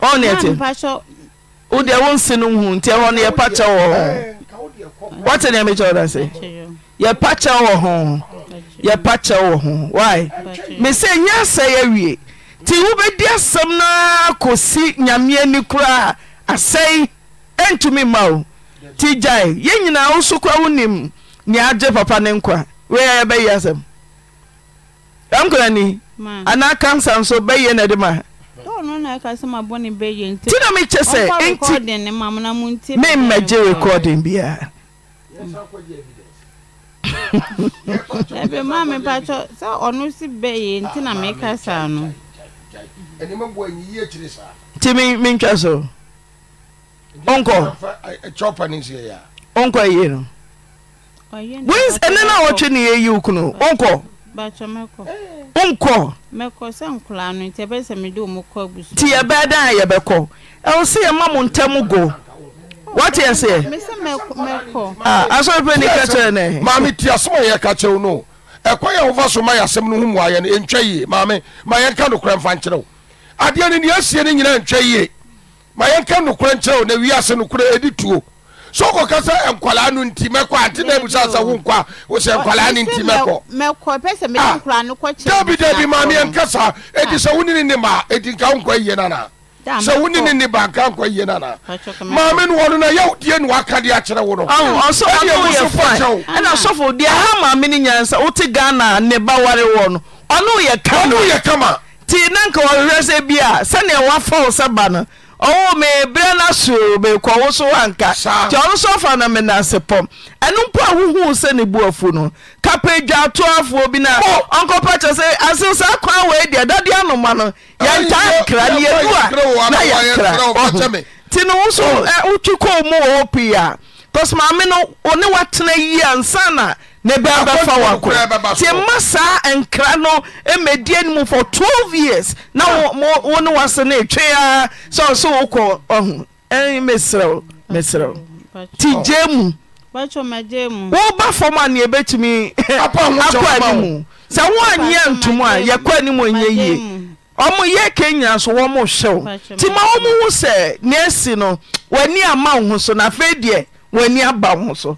Speaker 1: ɔne
Speaker 2: ɛte
Speaker 1: wodeɛ wo nsenom hu nti ɛhɔ no yɛpa kyɛ wɔ ho wɔte nea mekyɛ woda sɛ yɛpa kyɛ wɔ ho yɛpa kyɛ wɔ ho wai mesɛ nyɛ sɛ yɛawie nti wobɛdi asɛm noa kɔsi nyameɛ ni koraa asɛe ɛntumi ma o nti gyae yɛn nyinaa wo so koa wonim nea agye papa ne nkwa weia yɛbɛyi asɛm amkorani anaa kansa nso bɛyɛ no de ma
Speaker 2: nti na mekyɛ sɛ nti memmɛgye recording biaa maa mepa sɛ ɔno si bɛyɛ nti na meka saa no
Speaker 7: ɛnneɛma bu anyi yie akyire saa.
Speaker 1: nti mi mi ntwa so
Speaker 7: nkɔ chopper ne nsia ya.
Speaker 1: nkɔ yie no
Speaker 7: wins
Speaker 1: ɛne na wɔtwe ne yɛ yi okunu nkɔ.
Speaker 2: bàtò mẹkọ.
Speaker 1: nkɔ.
Speaker 2: mẹkọ sẹ nkula no nti ɛbɛ sɛ mi de omo kɔ egu so.
Speaker 1: ti ɛbɛ dan yɛ bɛ kɔ ɛwɔ si yɛ ma mo ntɛm go
Speaker 7: wɔte ɛsɛ.
Speaker 2: mɛsɛ mɛkɔ. a asɔrɔ pe ni kɛtɛ nɛ. maame
Speaker 7: tia sɔmɔ yɛ kakyɛw no ɛkɔ yɛ wofa so ma yɛ asɛm no hu mu ayɛ no ɛntwa yie maame ma yɛn ka no nfa nkyerɛw. adeɛ no neasie no nyina ntwɛ yie ma yɛnka nokora nkyerɛo na wiasɛnokorɛ ɛdituo so ɔkɔ kasɛ nkwala no ntimɛkɔ ant na sasɛwonka s nkwaa
Speaker 2: no imɛkdabi dabi maa meɛnka sa
Speaker 7: ɛdi sɛ wo neni ah, ah. ne ma inka wonka yen sɛ woninn ba nka nka enmaamenoɔ no na yɛwo dienewaaka deɛ kyerɛ wo noɛa
Speaker 1: nti na nka wɔhwehwɛ sɛ bi a sɛnea woafawo sɛ ba no ɔwo meberɛ no soo meekɔ wo so woanka nti ɔno so afa no menasepɔm ɛno mpo a hohuu sɛ ne boafu no kapɛ dwaatoafoɔ bi no ɔnkɔpa kyɛ sɛ ase saa kwan wɔadia dade anoma no yɛntaa nkra ne yɛdu a na yɛkra nti no wo so wotwi kɔɔ mu wɔ hɔ pii a bcause maame no one woatena yi ansa na Nebe bɛ bɛfa wakɔ nti ma saa nkra no mɛdi anim for twelve years na wo ah. ne wase ne ɛtwe ya sɛ ɔsɛ wokɔ ɔho mɛserɛw mɛserɛw
Speaker 2: nti oh. gye mu woba fam
Speaker 1: a neɛ bɛtumi (laughs) akɔ animu sɛ woanyɛ ntom a yɛkɔ anim ɔnyɛ yie ɔmo yɛ Kenya nyina so wɔmo hyew nti ma wɔmo ho sɛ ne asi no w'ani ama wo ho so na afei deɛ w'ani aba wo ho so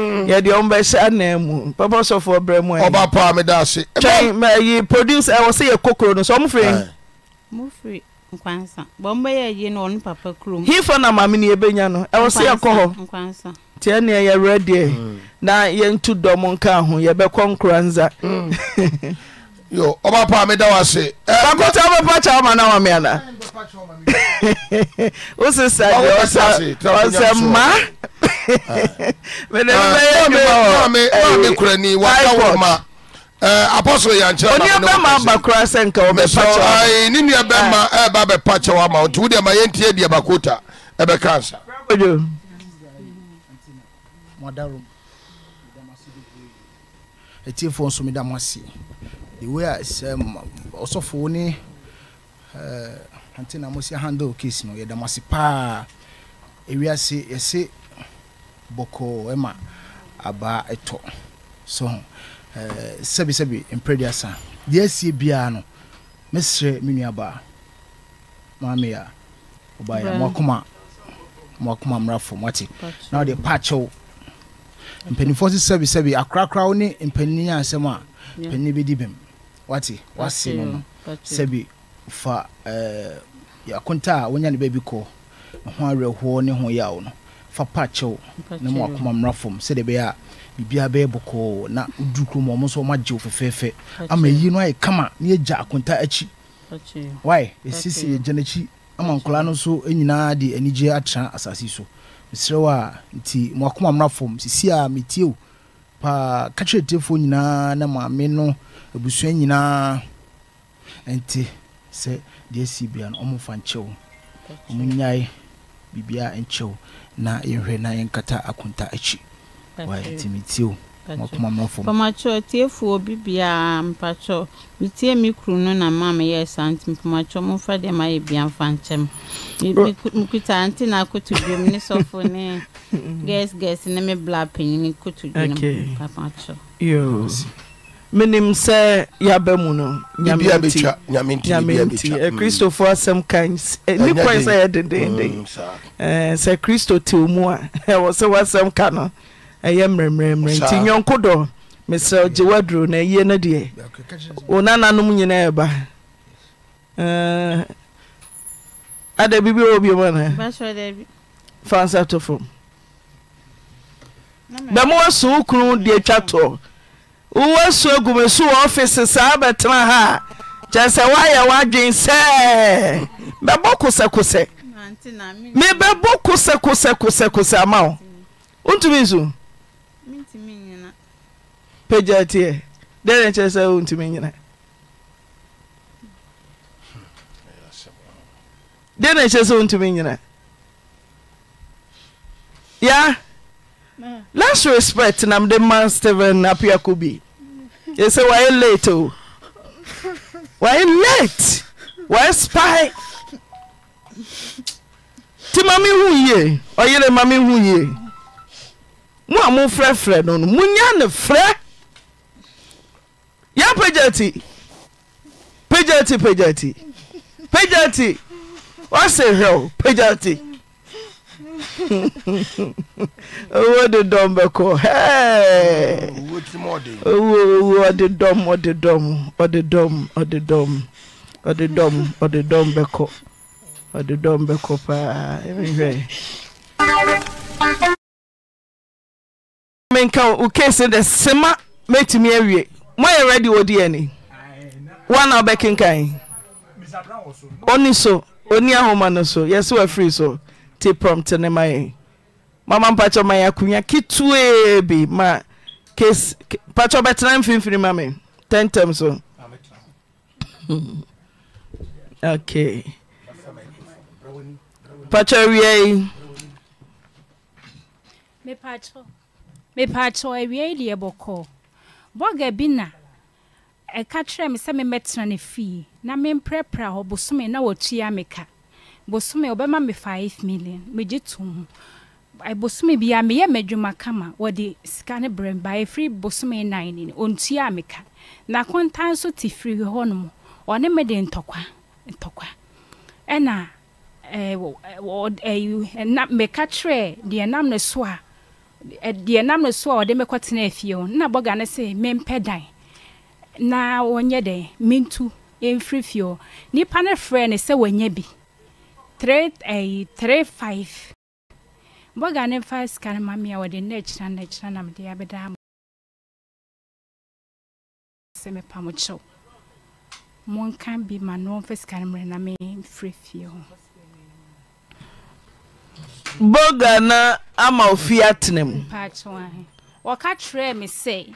Speaker 1: yɛdeɛ ɔmbɛhyɛ anaa mu papa sɔfoɔ berɛ mu ɔba paa meda ase twɛn ma yi produce ɛwɔ sɛ yɛ kokoro no so ɔmo
Speaker 2: firi yi papa kurom hifo mm. na
Speaker 1: maame ne yɛbɛnya no ɛwɔ sɛ yɛkɔ
Speaker 2: hɔ
Speaker 1: tiɛ neɛ yɛwerɛ deɛ na yɛntu dɔm nka ho yɛbɛkɔ nkora yo ọba pa mi da wa se. ọba eh, pa ọma na ọma mi ọsẹ ọsẹ mma. (laughs) mɛnɛmɛyɛ eh, kura ni wata wɔ ma
Speaker 7: eh, apɔsoro yan kyerɛ ma ne bɛ ma ba kura sɛ nka o bɛ pa kyɛw ayi ni nua bɛ ma ah. ɛ ba bɛ pa kyɛw ama o tugu deɛ ma yɛn tie deɛ ba ko ta ɛ bɛ kan sa.
Speaker 8: etiefoɔ nso mi da mo ase the way I sɛ ɔsɔfoɔ ne ɛɛ eh, antenna mo si handle case no yɛ da mo ase paa ewiase yɛse boko ɛma abaa ɛtɔ so ɛɛ eh, sɛbisɛbi mpɛrɛdi asa deɛ esie biara no mɛsrɛ mi nua baa maame a ɔbaa yɛ mo akoma mo akoma mmara fam wate na ɔde paakyɛw mpanimfoɔ nso sɛbisɛbi akorakora ne mpanin asɛm a mpanin bi di bɛm wate wase no no sɛbi fa ɛɛ eh, akonta a wonya ne baabi kɔ ho awerɛhoɔ ne ho yaw no fa pa kyɛw na mu akoma mmra fam sɛdeɛ ɛbɛyɛ a biribiara bɛyɛ bɔkɔɔ na wodu kurom ɔmo nso ɔmo agye wo fɛfɛɛfɛ ama yi no ayɛ kama na yɛgya akonta akyi
Speaker 5: wae ɛsisi
Speaker 8: yɛgya n'akyi ama nkɔla no nso nyinaa de anigye atena asase so mesrɛ w a nti mu akoma mmra fam sisi a metie wo paa ka nyinaa na maame no abusua nyinaa nti sɛ deɛ si bia no ɔmo fa nkyɛw ɔmo nyae biribiara nkyɛw na yɛhwɛ na yɛnkata akonta akyi wayɛ ntimi tio
Speaker 2: mɔkoma mɔfo mpamatwɔ tiefoɔ bi biara mpatwɔ metie me kuru no na maa meyɛ saa nti mpamatwɔ momfa deɛ mayɛ bia mfa nkyɛm mekuta ante na akoto dwom ne sɔfo ne gas (laughs) gas ne me bla panyini koto dwom mpamatwɔ
Speaker 1: menim sɛ yɛaba mu no nyamenti eh, mm. kristofoɔ asɛm ka ni kwan sɛ yɛ dendenden mm, eh, sɛ kristo tew mu a (laughs) ɛwɔ sɛ woasɛm ka no ɛyɛ mmerɛmmerɛmmerɛ nti nyɔnko dɔ mesrɛ gye woaduro na ayie no deɛ wo nananom nyinaa ɛba eh, ada bibi wɔ biom anaa fa nsa to fam bɛma woaso wo kunu deɛ twa toɔ wowa su agumaso wɔ ɔfise saa bɛtema haa kyɛ sɛ woayɛ wo adwen sɛ ɛ ko sɛkosɛ mebɛ o sɛ sɛmawotuspkyɛɛen kyerɛ sɛotumnyina last respect na mde ma steven apiako say ɛsɛ wayɛ late o oh? wayɛ late wayɛ spy ti ma hu ye? ɔyere ma mi hu ye? mu a mo frɛfrɛ no no mo nya ne frɛ ya pejati pejati pejati pejati wɔsɛ hwɛw pejati owó de dɔm bɛ kɔ owó owó ɔde dɔm ɔde dɔm ɔde dɔm ɔde dɔm ɔde dɔm ɔde dɔm bɛ kɔ ɔde dɔm bɛ kɔ paa ɛmi hwɛ. menka wo case de sema mɛtumi awie moyɛ ready wɔdi ani woana wobɛkenkan ɔni so oni ahoma no so yɛse wafiri so te prompt ne mai mama mpacho mai akunya akonnwa ketewee bi ma kesi mpakyɛ bɛtena mfimfini ma ten tɛntɛm so (laughs) okay pacho awia yi
Speaker 9: mepakyɛ awia yi deɛ bɔkɔɔ bɔga bi na ɛka kyerɛ me sɛ memɛtena no fie na memprɛprɛ hɔ bosome na wɔtua meka bosome ɔbɛma me five million megye to mu bosome bia meyɛ m'adwuma kama wɔde sika no brɛ me baɛ firi bosome nan ni ɔntua a meka na kontan nso te firi hɔ no mu ɔne mede ntɔkwa ntɔkwa ɛna eh, eh, eh, meka kyerɛ deɛ nam no so a deɛ nam no so a ɔde mekɔtena afie o na bɔga no sɛ mempɛ dan na wɔnyɛ dɛn mentu ɛmfiri fie hɔ nnipa no frɛ no sɛ wɔnyɛ bi 335 eh, bɔga ne mfa sika no ma me a wɔde nna akyira nna akyira na mede abɛdaa mo sɛ mepa mo kyɛw monka bi ma no ɔmfa sika no mmerɛ na memfiri fie ho
Speaker 1: boga na ama ofie atena mu
Speaker 9: wɔka kyerɛɛ me sɛ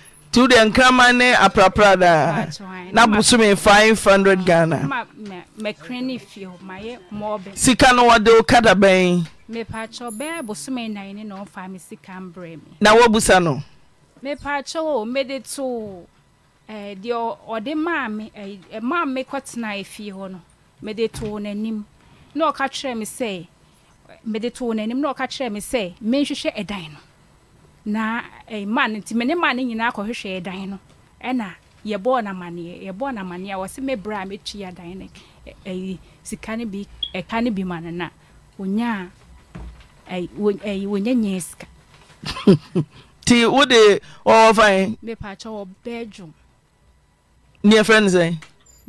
Speaker 1: tu deɛ nkraman ne aprapra na busume 500 ah, ghana sika no wɔde wo kada bɛn na woabusa no
Speaker 9: mepaakyɛ o mede to deɛ ɔde maa me maa me kɔtena efie hɔ no mede to n'anim na ɔka kyerɛ me sɛ mede to n'anim na ɔka kyerɛ me sɛ menhwehwɛ ɛdan no na eh, man no nti mene mmaa no nyinaa kɔhwehwɛ dan no ɛna yɛbɔɔ no amaneɛ yɛbɔɔ no amaneɛ a wɔ se mebrɛ a metua dan no ɛyi eh, eh, sika no bi ɛka no bi ma no na ɔnya a ɛyi wɔnya nyɛ sika
Speaker 1: (laughs) nti wode ɔwɔ fan mepatwɛ
Speaker 9: wɔ bedroom
Speaker 1: ne yɛfrɛ no sɛn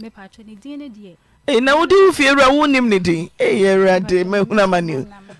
Speaker 9: mepatwɛ ne din no deɛ
Speaker 1: na wode wo fie wura wonim ne din ɛyɛ awurade mahunu amane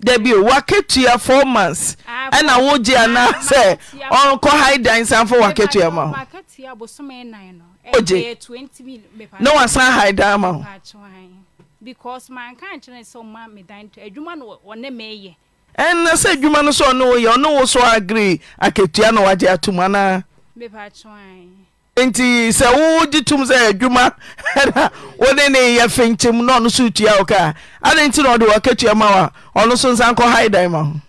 Speaker 1: tda bio woakatua fu months ah, ɛna wogye anaa ah, sɛ ɔnkɔ haidan san fo wakatua ma
Speaker 9: hogye ne waasan haidan ma ho
Speaker 1: ɛnna sɛ adwuma no sɛ ɔne woeyɛ ɔne woso agre akatua na woagye atom anaa nti sɛ wogye tom sɛ adwuma (laughs) na wode ne yɛ na ɔno so tua wo kaa ade nti na ɔde wɔakatua ma wa ɔno so nsa nkɔ hae dan ma ho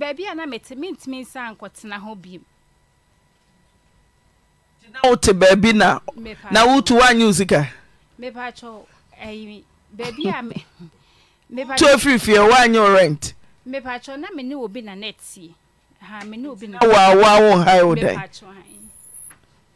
Speaker 9: a na mete mentumi nsa nkɔtena hɔ
Speaker 1: na wote baabi na na wotu woanyɛ wo sika
Speaker 9: mepakyɛ ɛyi baabi a (laughs) wo rent na me ne obi ha na wo hae wo dan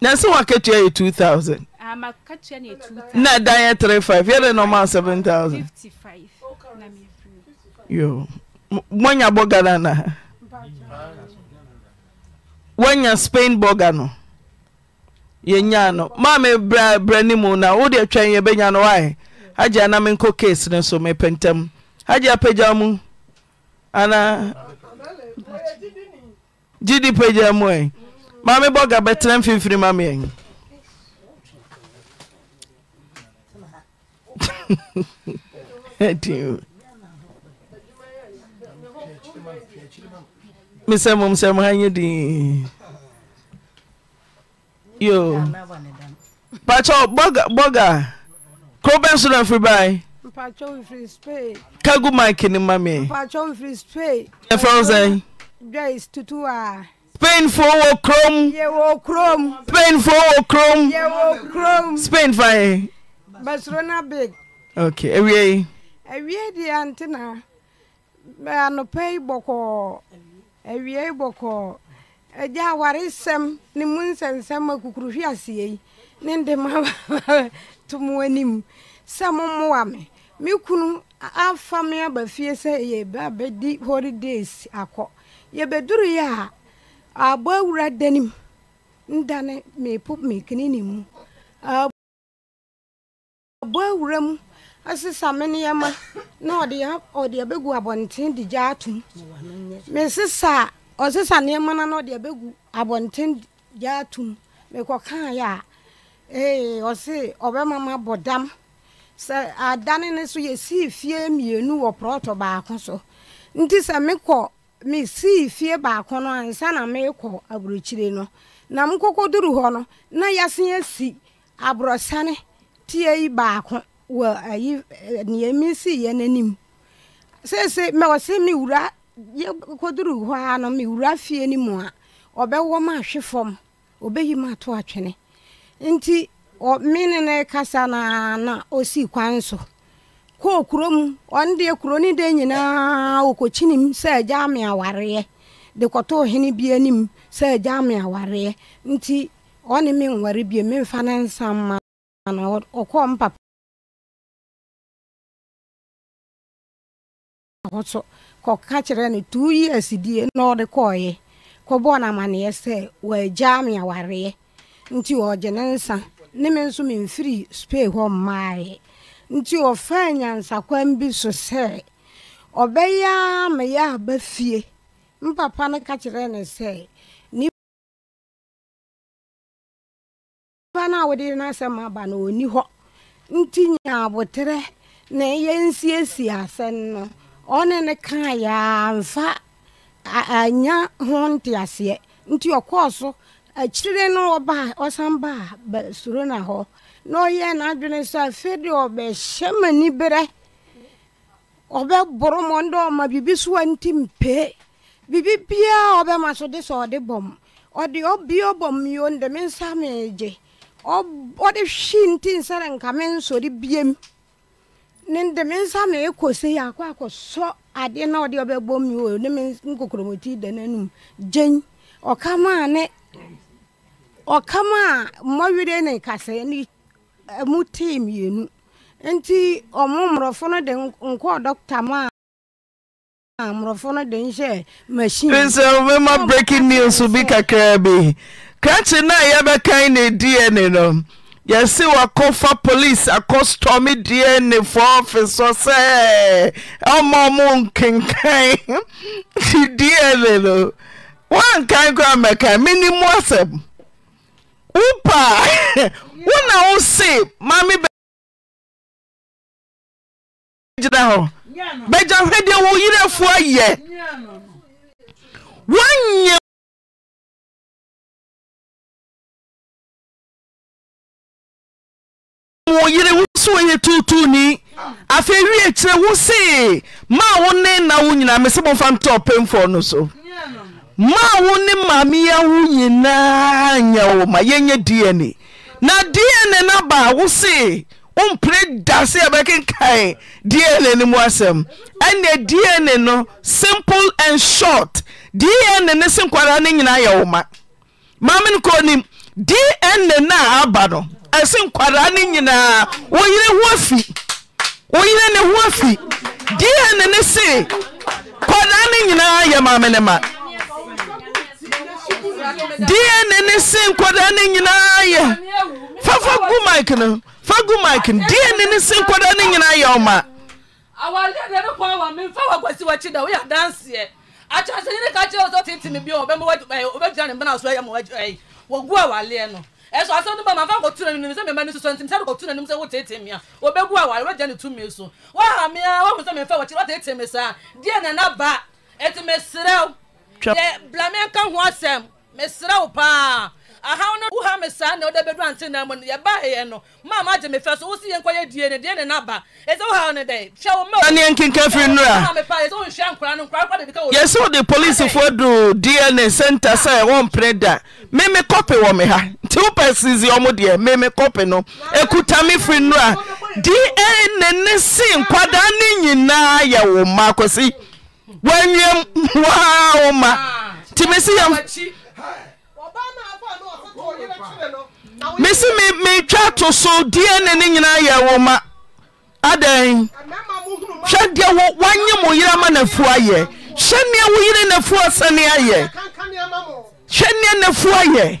Speaker 1: na sɛ woakatua yɛ 2000 na dan yɛ 35 yɛde normal 7000 moanya bɔga no ana woanya spain bɔga no ya no maame me bra bra ne mu na wode atwɛn yɛbɛnya no wae agya na menkɔ case no so mepɛntam agya pagya mu anaa oh, gyidi pagya mu ɛ eh? maame bɔga bɛtena mfimfini ma meɛ mesɛ mom sɛ mo ha nyɛ din yo pakyɛ bɔga bɔga kurobɛn so na mfiri bae kagu mike ne ma me ɛfrɛ wo sɛn spainfoɔ wɔ kurom spainfoɔ wɔ kurom spain fae awiei
Speaker 10: awie deɛ ante na anɔpa yi bɔkɔɔ awiei bɔkɔɔ agya awaresɛm ne mu nsɛnsɛm akukuruhwi aseei ne nde ma anim sɛ mommoa me me kunu afa aba fie sɛ holidays akɔ yɛ a abɔ awura danim ndane mepo mekene ne mu abɔ awura mu asesa me nneɛma na ɔde ɔde abɛgu abɔnten de gya atom mesesa ɔsesa nneɛma no na ɔde abɛgu abɔnten gya atom mekɔkaeɛ a ee ɔse ɔbɛma ma bɔ dam sɛ adane no so yɛsii fie mmienu wọ prɔtɔ baako so nti sɛ mekɔ mesii fie baako no ansa na meekɔ aburokyire no na mkɔkɔduru hɔ no na yɛse asi aborɔsane tie yi baako wɔ ayi eh, nea mesii yɛ n'anim seese mɛwɔ se mewura yɛkɔduru hɔ a no mewura fie no mu a ɔbɛwɔ ma ahwe fam ɔbɛyi ma ato atwene nti me ne ne kasa naa na ɔsii kwan so kɔɔ kurom ɔn deɛ kuro ne de nyinaa ɔkɔkyi nim sɛ agya me awareɛ de kɔtoo hene bi anim sɛ agya
Speaker 4: me awareɛ nti ɔne me nware bie memfa ne nsa mma no ɔkɔɔ mpapa ho so kɔka kyerɛ no two years die na ɔde kɔɔyɛ kɔbɔɔ no amanneɛ
Speaker 10: sɛ wɔagya me awareɛ nti ɔgye ne nsa ne me nso memfiri spain hɔ mmaayɛ nti ɔfaa nyansakwan bi so sɛ ɔbɛyɛ a ma yɛ aba fie mpapa no ka kyerɛ ne sɛ nipa no a wode n'asɛm aba no ɔni hɔ nti nya aboterɛ na yɛnsiesie asɛm no ɔne ne kaa yɛamfa anya ho nteaseɛ nti ɔkɔɔ so akyire no ɔbaa ɔsan baa na hɔ na ɔyɛ n'adwene sɛ afei deɛ ɔbɛhyɛ ma ni berɛ ɔbɛboro mɔ ndɛ ɔma biribi so a nti mpee biribi biaa ɔbɛma so de sɛ ɔde bɔm ɔde ɔbia ɔbɔ mmio ndɛ me nsa meegye ɔde hwi nti nsɛre nka me nsɔre biam ne ndɛ me nsa meekɔ se yɛ akɔ akɔsɔ adeɛ na ɔde ɔbɛbɔ mmio ne me nkokromoti da n'anum gyen ɔkamaa ne ɔkamaa mmɔwerɛ ne kaseɛ ne mu tee mmienu nti ɔmo mmorɔfo no de nkɔɔ dɔkta ma a mmorɔfo no de nhyɛ
Speaker 1: machine. nsɛm mema breaking news bi kakraa bi krakye na a yɛbɛkan ne dna no yɛse wakɔfa police akɔ stɔme dna fo ɔfice hɔ sɛ ɔma ɔmo nkenkan (laughs) dna no woankan koraa mɛkan
Speaker 4: menim mu asɛm wopa (laughs) wona wo e se mame gyina hɔ bɛgyahwɛ deɛ wo yerɛfoɔ ayɛ woanyɛ wo yere wo so wɔyɛ tuutuuni afei wie kyerɛ wo see ma wo
Speaker 1: ne na wo nyinaa me sɛ momfa ntɔ ɔpemfoɔ no so ma wo ne maame yɛ wo nyinaa nyɛ wo ma yɛnyɛ dna na dnno aba wo se wompere dase a bɛkenkae dnno mu asɛm ɛneɛ dn no simple an short dɛne ne se nkwaraa ne nyinaa yɛ wo ma mameno kɔnim dnna a aba no ɛse nkwaraa ne nyinaa woyereho f wo yere ne ho afi dn ne se nkwada ne nyinaa yɛ maameno ma
Speaker 3: deɛ ne ne se nkɔdaa no nyinaa yɛ
Speaker 1: fafa gu mike no fa gu mike no deɛ ne ne se nkɔdaa no nyinaa yɛ ɔma
Speaker 3: wɔgu awaleɛ no ɛsɔ asɛm no ba ma fa kɔtu na nimu sɛ mɛma ne soso ntim sɛ kɔtu na nimu sɛ wotetee mia wɔbɛgu awale wɔgya ne tumi so wɔha mea wɔhu A memfa wɔkyi wɔtetee me saa deɛ nana ba ɛti mesrɛw blame nka N asɛm aneɛ nkenka fri nu ayɛsɛode polisefoɔ
Speaker 1: do dn cente sɛ wɔmprɛ da me me kɔpe wɔ me ha nti wopɛ sizi ɔmo deɛ me me kɔpe no akutame fri nu a dn ne se nkwada ne nyinaa yɛ wo ma kase wwa w wo ma nti mesi me si metwa to so diɛ ne ne nyinaa yɛ wo ma adɛn hwɛ deɛ woyemo yerama nafuo ayɛ hyɛneɛ wo yere nafuo asɛne ayɛ
Speaker 5: hwɛneɛnafuo ayɛ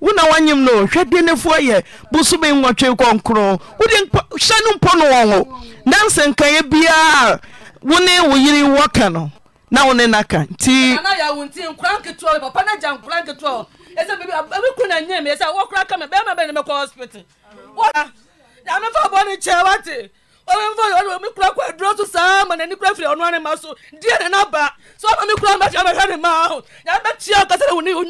Speaker 1: wo na woanyim no hwɛ de nefoɔ yɛ bosome nwɔtwe kɔnkoro wode hyɛ no mpɔ no wɔn wo nansa nkaeɛ biaa wo ne wo yere wɔka no na wo ne naka nti
Speaker 3: amefa bɔ ne kyɛ wate ɔmfa ɔmi kura kɔ aduro so saa ma n'ani kura firi ɔnoa ne ma so diɛ ne na ba so ɔma mi kura ma kyɛ ɔma hwɛ ne ma ho nyɛ bɛ kyia kasa ne wo ne wo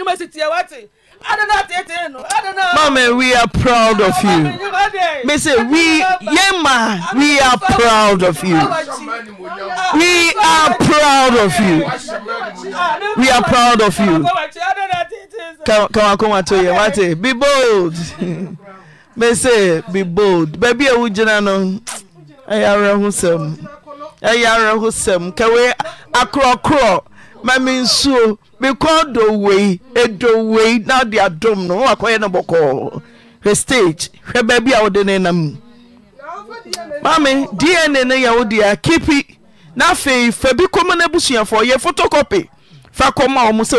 Speaker 3: Mama, we are proud of you. Me say we,
Speaker 1: Yema, we are proud of you.
Speaker 4: We are proud of you. We are proud of you. Come, come,
Speaker 1: come, to you. Mate, be bold. (laughs) Me say be bold. Baby, I would no. I am a wholesome. I am a wholesome. Can we acro crawl? mamensuo bekɔ inade moɛageɛai ooek af fabi kɔm no bsuafo yɛ potocopy fa kɔmaɛofa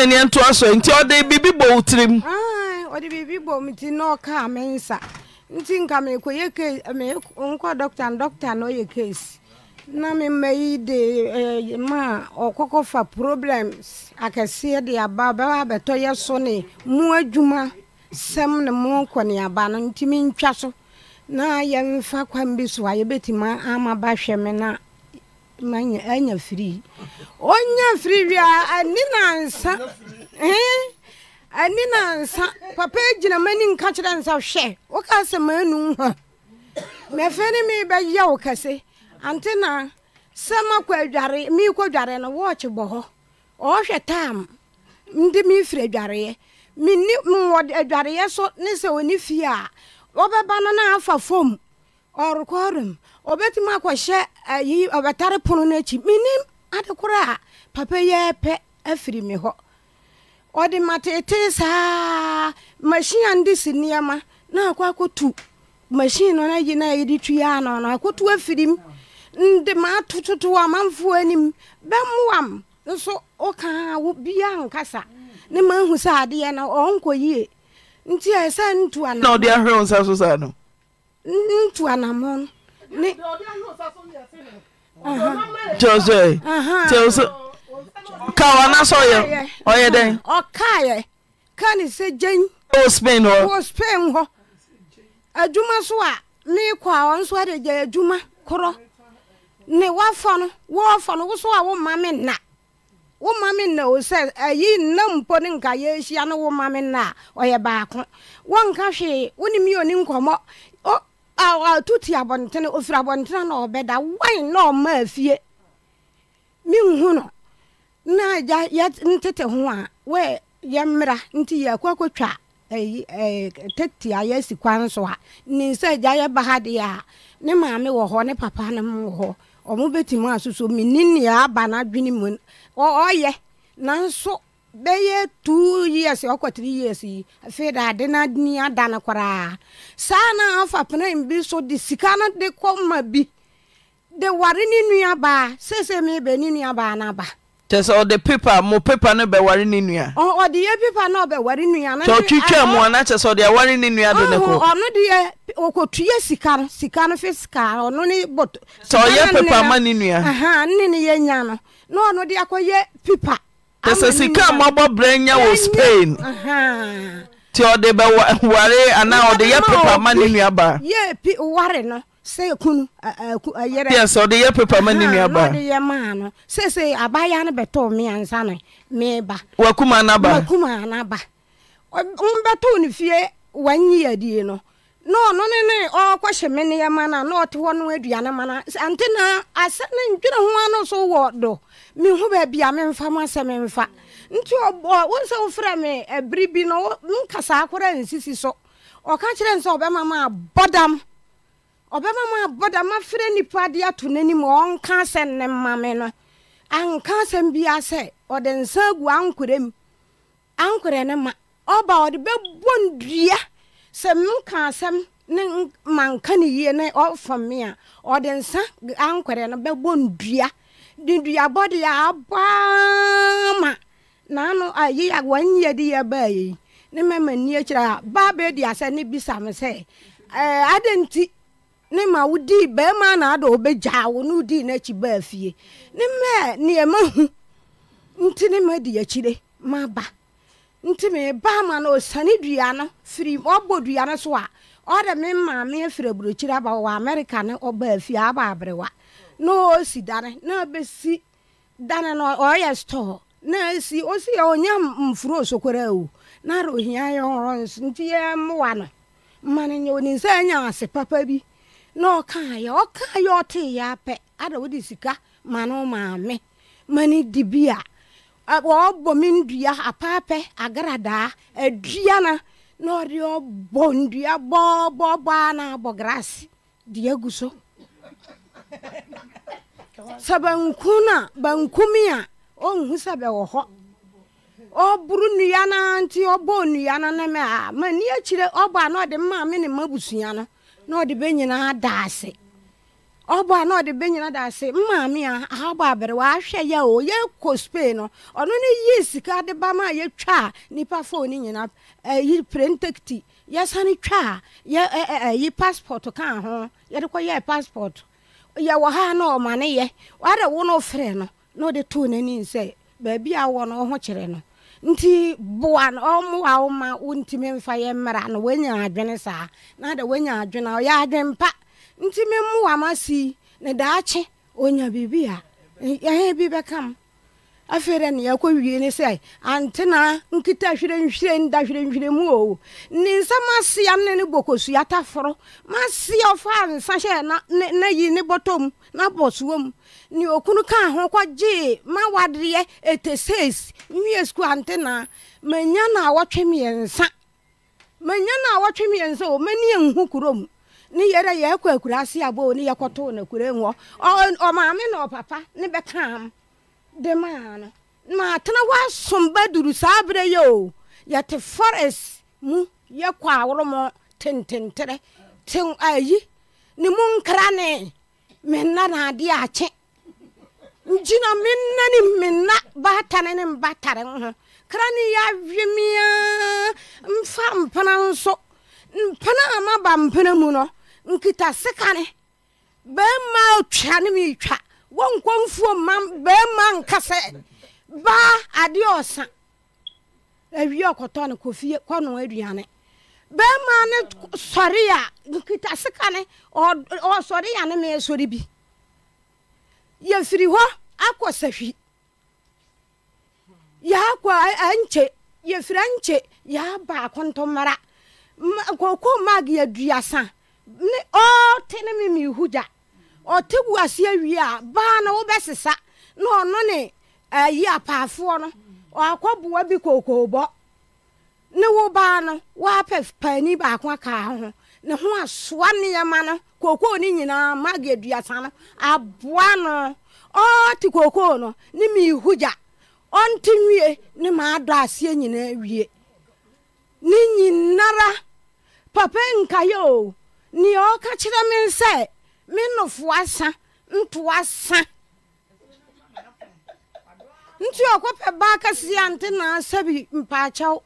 Speaker 1: aɛɛaɛoasontiɔe bibi btrem
Speaker 10: ɔde biribi bɔ me ti na ɔkaa me nsa nti nka mekɔyɛ case menkɔ dɔkta no dɔkta na ɔyɛ case na memma yi de eh, ma ɔkɔkɔ fa problems akɛseɛ de aba bɛba bɛtɔ yɛ so ne mu adwuma sɛm ne mo kɔneaba no nti ntwa so na yɛmfa kwan bi so a yɛbɛtumi ama ba hwɛ me na anya firi ɔnya firi wie a ne nansa ɛne na nsa papa gyina m'ani nka kyerɛ nsa hwɛ woka sɛ maanu ha mɛfɛ ne mebɛyɛ wo kɛse ante na sɛ makɔ adware meekɔ dware no wɔɔkye bɔ hɔ ɔhwɛ tam nde mefiri adwareɛ menni mwɔ adwareɛ so ne sɛ ɔne fie a wɔbɛba no na afa fam ɔrekɔrem ɔbɛtumi akɔhyɛ ayi eh, ɔbɛtare pono no akyi mennim ade korɔ a papa yɛɛpɛ afiri me hɔ ọ dị ma tete saa mashin a ndị si nneɛma na akwa akɔtu mashin no na yi na yɛde tua ano na akɔtu afiri m nde ma atototo m anim bɛmmoam nso woka wo bia nkasa ne ma ahu sɛ na no ɔnkɔ yie nti ɛ sɛ ntu anamna ɔde ahwerɛ wo nsa so saa no ntu anamɔ no ne kyɛw sɛ kyɛw
Speaker 1: ka kawa na sɛ ɔyɛ ɔyɛ dɛn
Speaker 10: ɔkaeɛ ka ne sɛ gyen wɔ spain hɔ oh. wɔ oh, spain hɔ oh. adwuma so a meekɔ a ɔ nso ade gya adwuma korɔ ne woafa no woafa no wo so a woma me nna woma me nna o sɛ ayi nna mpo ne nka yɛahyia no woma me nna a ɔyɛ baako wonka hwee wonem yɛ oni nkɔmmɔ tuti abɔntene ofiri abɔntene na ɔbɛda wan na ɔmaa fie menhu no na ya ya ntete ho a we ya mmra nti ya kwa kwatwa eh, eh tete a ya si kwan so a ne nsa ya ya ba ha de a ne maame wo ho ne papa ne mo ho omo betimu asusu minini ya aba na dwene mu o oye nanso bɛyɛ two years ɔkɔ three years yi afei de ade no ni ada na koraa saa na afa pene mbi so de sika na de kɔ ma bi de ware ne nuabaa seesei mebɛ ne nuabaa na aba
Speaker 1: kyɛ sɛ ɔde pepa mo pepa no bɛware ne nua
Speaker 10: ɔtwitwa mo
Speaker 1: ana kɛ sɛ ɔde ware ne nua de ne hoɛɔyɛ pepa
Speaker 10: ma ne nuappkɛ
Speaker 1: sɛ sika mabɔ brɛ nya wɔ spain
Speaker 10: nti
Speaker 1: ɔde bɛware ana ɔde yɛ pepa ma ne nua baa
Speaker 10: sɛ knuɛsɛɔde yɛ
Speaker 1: pepa ma ne ah, nuabaadeyɛ
Speaker 10: maa no sesei abaya no anaba meansa no meba wakuma anabakumaanaba mbɛtɔo ne fie wanyi adie no na ɔno ne ne ɔkɔhyɛ me nneɛma no a na ɔte hɔ no aduane ma na ante na asɛ ne ndwene ho ano so wɔ do meho baabi a memfa mo asɛ nfa nti wo sɛ wofrɛ me abere bi no nka saa koraa nsisi so ɔka kyerɛ n sɛ ɔbɛma ma abɔdam ɔbɛma mu abɔdama frɛ nipa ade ato n'anim ɔnka sɛ ne mmame no anka asɛm bia sɛ ɔde nsa agu ankorɛ mu ankorɛ ne ma ɔba ɔde bɛbɔ ndua sɛ mka asɛm ne manka ne yie ne ɔfa me a ɔde nsa ankorɛ no bɛbɔ ndua de duabɔ de abɔ ama naano ayi a wɔnyɛ de yɛ baa yi ne mɛma ni akyirɛ a baa bɛɛ di asɛ ne bisa me sɛ ɛɛ ne ma wodi bɛrima na ada obɛgyaa wo ne wodi n'akyi baa fie ne mmaa nneɛma hu nti ne ma di de ma ba nti me ba ma na osane dua no firi ɔbɔ dua no so a ɔde me maame afiri aburokyiri aba wɔ amerika ne ɔbaa fie aba aberewa na osi dane na abɛsi dane no ɔyɛ store na esi osi ɔsi onye mfuro osokora o na ara ohia yɛ hɔrɔ nso nti yɛ mmoa no mma no nyɛ oninsɛ anya ase papa bi na ọka ya ọka ya ọtị ya apẹ ada wodi sika manụ maame mani dibia ọbọ mi ndua apapẹ agaradaa adua na na ọdị ọbọ ndua bọbọbọa na abọ graasị dị egwu so na banku no a bankumi a ɔnhu sɛ bɛwɔ hɔ ɔboro nnua no nti ɔbɔ nnua no na mɛ a mani akyire ɔbɔ a na ọ dị ɔde maa me ne ya na. na ọ dị be nyinaa da ase ọ na ọ dị be nyinaa da ase a ha ya o yɛ kɔ spain no ɔno ne yi sika de ba ma yɛtwa a nipa phone nyinaa ɛyi eh, prentekti yɛsane twa ya eyi eh, eh, paspọtụ ka ahụ ya dịkwa ya kɔ yɛ ha na n'ani a nti boa ɔmo a woma ntumi mfa yɛ mmara na woanya adwene saa na da woanya adwene a ɔyɛ adwen pa nti memmoa ma si ne daakye onya biribi a ɛhɛ e, bi bɛkam afei dɛ ne yɛkɔ wie ne sɛ antena nkita hwerɛnhwere nda hwerɛnhwere mu o ne nsa masia ne ne bokosua taforɔ masia ɔfa nsa hyɛ na yi ne bɔtɔ mu na bɔ soɔ mu ne okunu ka ho kɔgye ma wadeɛ etesees nwie sukuu antena manya na awɔtwe mmiɛnsa manya na ya mmiɛnsa o ni ehu kurom ne yɛrɛ yɛkɔ akura ase abɔ ne yɛkɔtɔ na kure nwɔ ɔmaame na ɔpapa ne bɛka am de maa no na atena wasom baduru saa berɛ yɛ o yɛte forest mu yɛkɔ aworomɔ tententere ten ayi ne mu nkra ne menna na adeɛ akye ngyina me nna ne me nna baatare ne mbatare ho mhm. kra ne yɛ awe mea mfa mpena nso mpena a maba mpena mu no nkita seka ne bɛrima atwa ne meetwa wɔnkɔ mfuo ma bɛrima nka sɛ baa adeɛ ɔsa awie ɔkɔtɔ no kɔfie kɔno aduane bɛrima ne sɔre a nkita seka ne ɔsɔre a ne meɛsɔre bi yɛfiri hɔ akɔ sahwi yɛakɔ ankye yɛfiri ankye yɛaba akontomara kɔkɔ mag yɛduasa ne ɔte ne me mihu gya ɔte gu ase awie a baa no wobɛsesa na ɔno ne ayi apaafoɔ no ɔakɔboa bi kokoobɔ ne wo baa no woapɛ paani baako akaa ho ne ho asoa nneɛma no kookoo no nyinaa mage aduasa no aboa no ɔte kookoo no ne miihu gya ɔnte nwie ne maadɔ aseɛ nyinaa wie ne nyinara papa nkayɛ o nea ɔka kyerɛ me sɛ me nofoa sa ntoa sa nti ɔkɔpɛ baa kaseɛ ante naasɛ bi mpaakyɛw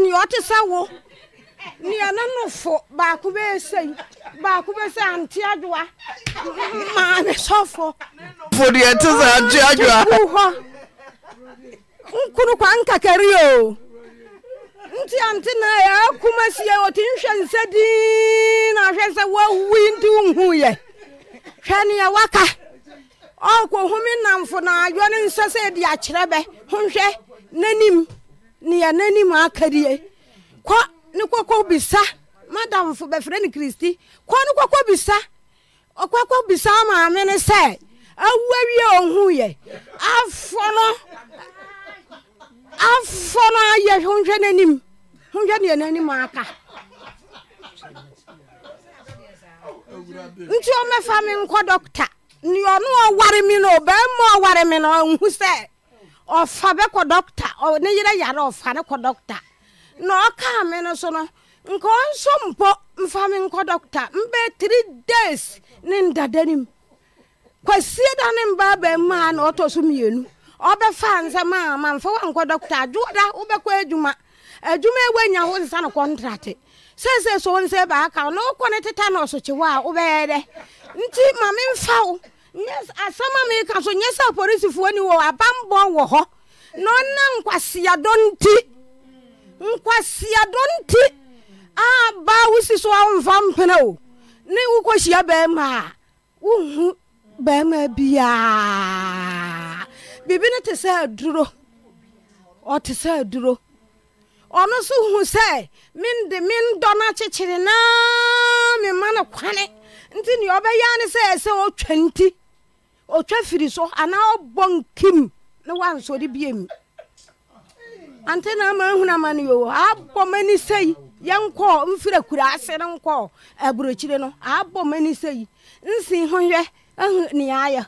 Speaker 10: nea ɔte sɛ wo nea ne fo baako bɛɛsɛi baako bɛsɛ ante adwoa maame sɔfo
Speaker 1: fodeɛ te sɛ ante adwoa
Speaker 10: kwa o nti ante na yɛakoma sie otu nhwɛ nsɛ dii na hwɛ sɛ woawi nti wohuyɛ hwɛ nea waka ɔkɔhome na adwɔ ne nsɛ sɛ ɛde akyerɛ bɛ ho nhwɛ n'anim n'anim ne madam bisa madamfo bɛfrɛ ne kristi kɔ ne kɔkɔ bisa ɔkɔkɔ bisa maame ne sɛ awu awie ɔhu yɛ
Speaker 6: afɔ
Speaker 7: no afɔ
Speaker 10: no ayɛ honhwɛ n'anim honhwɛ ne n'anim aka nti ɔmɛfa me nkɔ dɔkta ne ɔno ɔware mi no ɔbɛma ɔware mi no ɔhu sɛ ɔfa bɛkɔ dɔkta ne yerɛ yare ɔfa ne kɔ dɔkta na ɔkaa me no so no nka ɔnso mpɔ mfa me nkɔ dɔkta mbɛ three days ne ndada nim kwasie da ne mbaa bɛmaa na ɔtɔ so mmienu ɔbɛfa nsɛm a mamfa wankɔ dɔkta adwoda wobɛkɔ adwuma adwuma ewe wo nsa na kɔntrate sɛsɛ so wo nsɛ baaka na wokɔ ne teta na ɔsokye wo a wobɛyɛ dɛ nti ma memfa wo asɛm a meka so nyɛ sɛ apolisifoɔ ni wɔ abambɔ wɔ hɔ na ɔnam nkwaseadɔ nti nkwasiadɔ nti abaa wosi so awomfa mpena o ne wokɔhyia bɛɛma a wohu bɛɛma biaa biribi no te sɛ aduro ɔte sɛ aduro ɔno so hu sɛ mende mendɔ no akyekyere naa memma no kwane nti neɛ ɔbɛyaa ne sɛ ɛ sɛ ɔtwa nti ɔtwa firi so anaa ɔbɔ nkim na bia biemi ante na ama ahunu amane yoo abɔ m'ani sɛ yi yɛnkɔ mfiri akuraase no nkɔ aburokyire no abɔ mme sɛ yi nsi ho hwɛ ahu nea ayɛ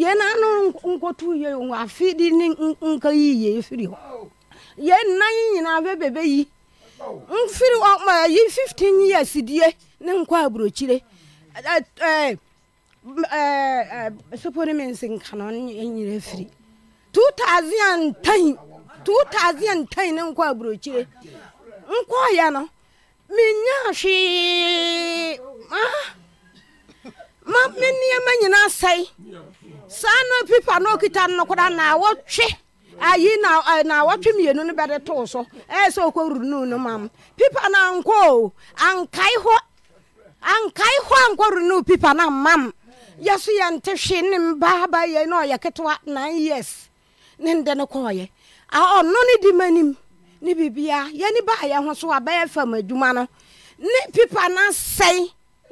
Speaker 10: yɛn ano nkɔtu yie wɔ afidi ne nka yie firi hɔ yɛn nan nyinaa bɛ bɛbɛ yi mfiri hɔ ma yi fifteen years die na nkɔ aburokyire ɛɛ ɛɛ sopori mi nsi nka na ɔno nyere firi two 2010 nkwa nkɔ aburokyire nkɔɔyɛ no menya hwee ah. ma me nneɛma nyinaa sɛe saa no pipa no okita no na awɔtwe ayi na eh, na awɔtwe mmienu no bɛde too so ɛyɛ sɛ okɔwuru no no mam pipa no ankɔɔ ankae hɔ ankae hɔ ankɔwuru no pipa no mam yɛ so yɛnte hwee ne mbaaba yɛ na ɔyɛ ketewa nine years ne nde no kɔɔyɛ ɔno no di manim ne birbia yɛni baa yɛ ho so abɛyɛ fam adwuma no ne pipa no asɛe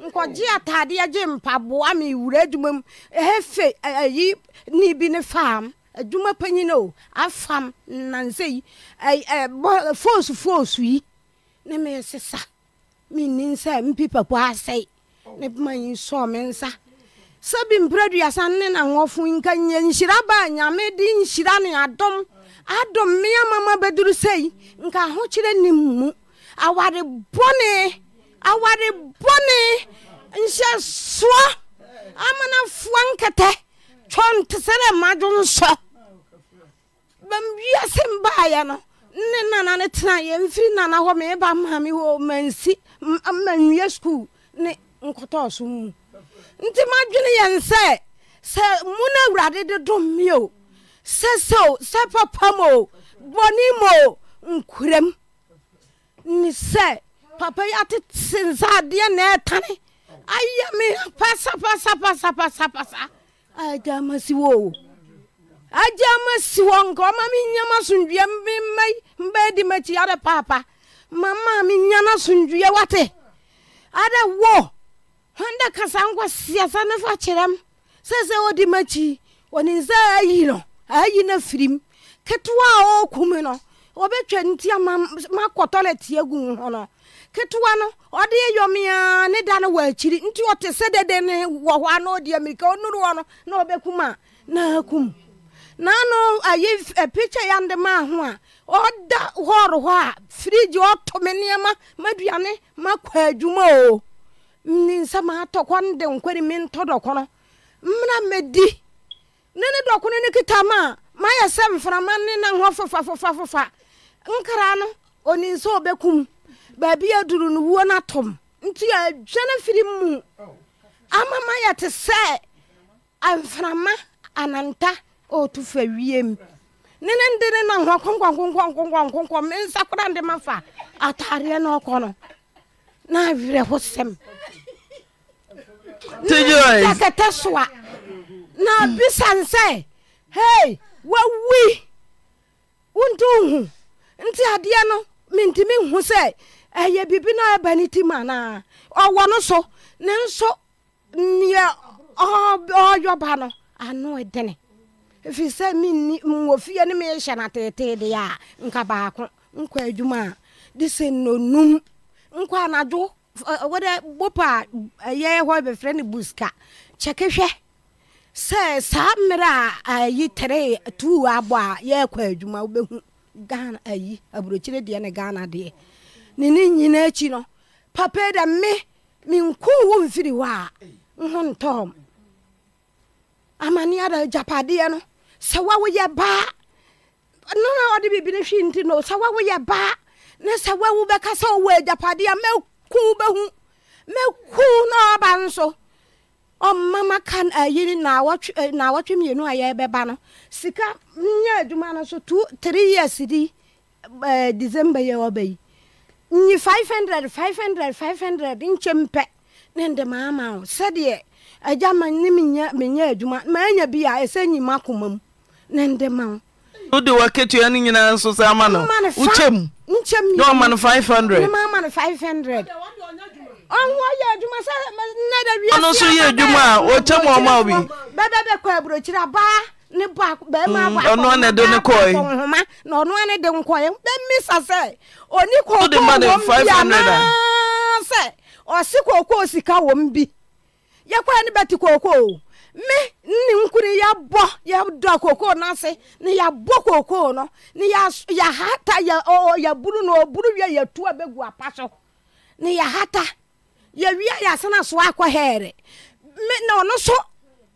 Speaker 10: nkɔgye ataadeɛ gye mpaboa mewura adwuma mu ɛhɛfe ayi ne bi ne faam adwuma panyina o afam nansɛ yi foosufoosu yi ne meesesa menni nsa mpipa po asɛe ne boma yi sɔɔ me nsa sɛ bi mprɛ duasa ne na wɔfo nka nyɛ nhyira baa nyame de nhyira ne adom adom me amama bɛduru sɛi nka ahokyerɛ n'i mu aware bɔne aware bɔne nhyɛ soɔ amanafoa nkɛtɛ twɔnte sɛ dɛ madwo nsɔ bamwia sɛ mbaayɛ no ne nana ne tena yɛmfiri nana hɔ meeba maame hɔ mansi manwia skuul ne nkɔtɔɔso mu nti madwene yɛn sɛ sɛ mu no awurade de dom me o ses sa papa m boni m nkuram nes papa msiw msiwo anda ka sa nko siasnkerem ssɛ wodemaci onense ayino ayi na firim ketewa a ɔkum no ɔbɛtwa nti ama makɔ tɔlɛt agu ho no ketewa no ɔde yɔmea ne da no wɔ akyiri nti ɔte sɛ dede ne wɔ hɔ a na ɔde amirika ɔnuru hɔ no na ɔbɛkum a na akum na no ayi pikya ya nde maa ho a ɔda hɔɔre hɔ a firiji ɔtome nneɛma maduane makɔ adwuma o ne nsɛm atɔkɔ nde nkwari mentɔdɔkɔ no mmra mɛdi ne ne dɔko ne kita ma mayɛ sɛ mframa ne na hɔ fofa fofa fofa nkra no ɔnim sɛ ɔbɛkum baabi aduru no wuo na atom nti adwane firi mu ama ma mayɛ te sɛ mframa ananta ɔɔtu fa wiem ne ne nde ne na hɔ konkɔnkonkɔnkonkɔnkonkɔ me nsa kora nde ma fa ataareɛ na ɔkɔ no na awerɛ ho sɛm ne jakɛtɛ soa na hmm. bisane sɛ hei woawi wonto wohu nti adeɛ no mentimi nhu sɛ ɛyɛ biribi no ɛba ne ti ma naa ɔwɔ no so ne nso neɛ ɔyɔba no ano ɛdene ɛfiri sɛ mwɔ fie ne mehyɛ no teetee deɛ a nka baako nkɔ adwuma a de sɛ nnonum nkɔ anadwo wɔde bopa ɛyɛ hɔ bɛfrɛ no buska kyɛkehwɛ sɛ saa mmerɛ a ayi tere tuu abɔ a yɛkɔ adwuma wobɛhu ghana ayi aburokyire deɛ ne ghana deɛ ne ne nyina akyi no papa da me menko wo mfiri hɔ a nho ntɔm amane ada agyapadeɛ no sɛ wa woyɛ baa no na ɔde biribi no hwi nti no sɛ wa woyɛ baa ne sɛ wa wobɛka sɛ wowɔ agyapadeɛ a mɛku wobɛhu mɛku na ɔba nso ɔmama ka ayi eh, nawɔtwe eh, mmienu a yɛbɛba no sika nyɛ adwuma no so two three years di eh, december yɛ ɔba yi nyi five hundred five hundred five hundred nkyɛ mpɛ ne nde maama o sɛdeɛ agya ma ne menyɛ menyɛ adwuma maanya bi a ɛsɛ nyi ma koma mu ne nde ma o
Speaker 1: wode waketua no nyinaa nso sɛ ama no wokyɛm
Speaker 10: na ɔma no 500 mama no hundred. ɔno nso yɛ
Speaker 5: adwuma a ɔkyɛ ma ɔma bi
Speaker 10: ɔnoa ne de ne kɔe ma ne 500 sɛ ɔse kookoo sika wɔm bi yɛkɔa ne bɛte kookoo me nne nkunu yɛbɔ yɛdɔ kookoo no ase ne yɛbɔ kookoo no ne yɛhata yɛburu no ɔburu wie yɛtu a bɛgu apa so ne yɛhata yɛwia yɛ asana so akɔ hɛɛrɛ na ɔno so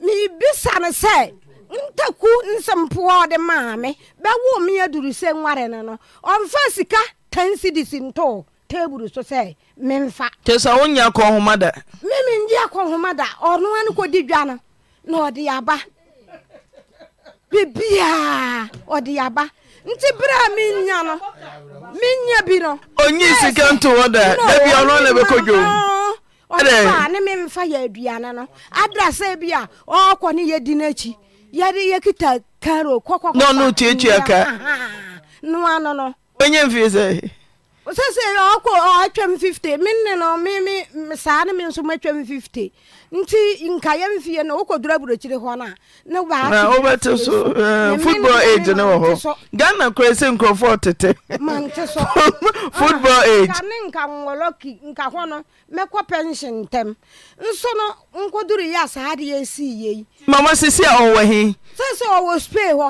Speaker 10: mebisa no sɛ ntaku nsɛmpoɔ de maame bɛwo me aduru sɛ nware no no ɔmfa sika tan cedis ntoo table so sɛ memfa
Speaker 1: te sɛ wonya kɔ homa da
Speaker 10: memengye akɔ homa da ɔnoa no kɔdi dwa no na ɔde aba bibiaa ɔde aba nti bere a menya no menya bi no ɔnyi sika
Speaker 8: nto hɔ
Speaker 3: da da bia ɔno na bɛkɔ dwom
Speaker 10: ɔfa ne memfa yɛ aduane no ada sɛ bi a ɔkɔ ne yɛdi n'akyi yɛde yɛkita karo kɔkɔkɔ na ɔno tuatua ka (laughs) noa no no
Speaker 1: ɔnyɛ mfie sɛ
Speaker 10: sɛsɛ ɔkɔ ɔatwam 50 menne no meme saa ne me nso matwam 50 nti nka yɛm no wokɔdura aburokyire hɔ eh, no a ne wobɛte so football age ne wɔ
Speaker 1: hɔ ghana kora sɛ nkurɔfoɔ tete (laughs) ah, football
Speaker 10: nka nwɔlɔki nka hɔ no mɛkɔ pension ntɛm nso no nkɔduru yɛ a saa a ɔwɔ he sɛ sɛ ɔwɔ spain hɔ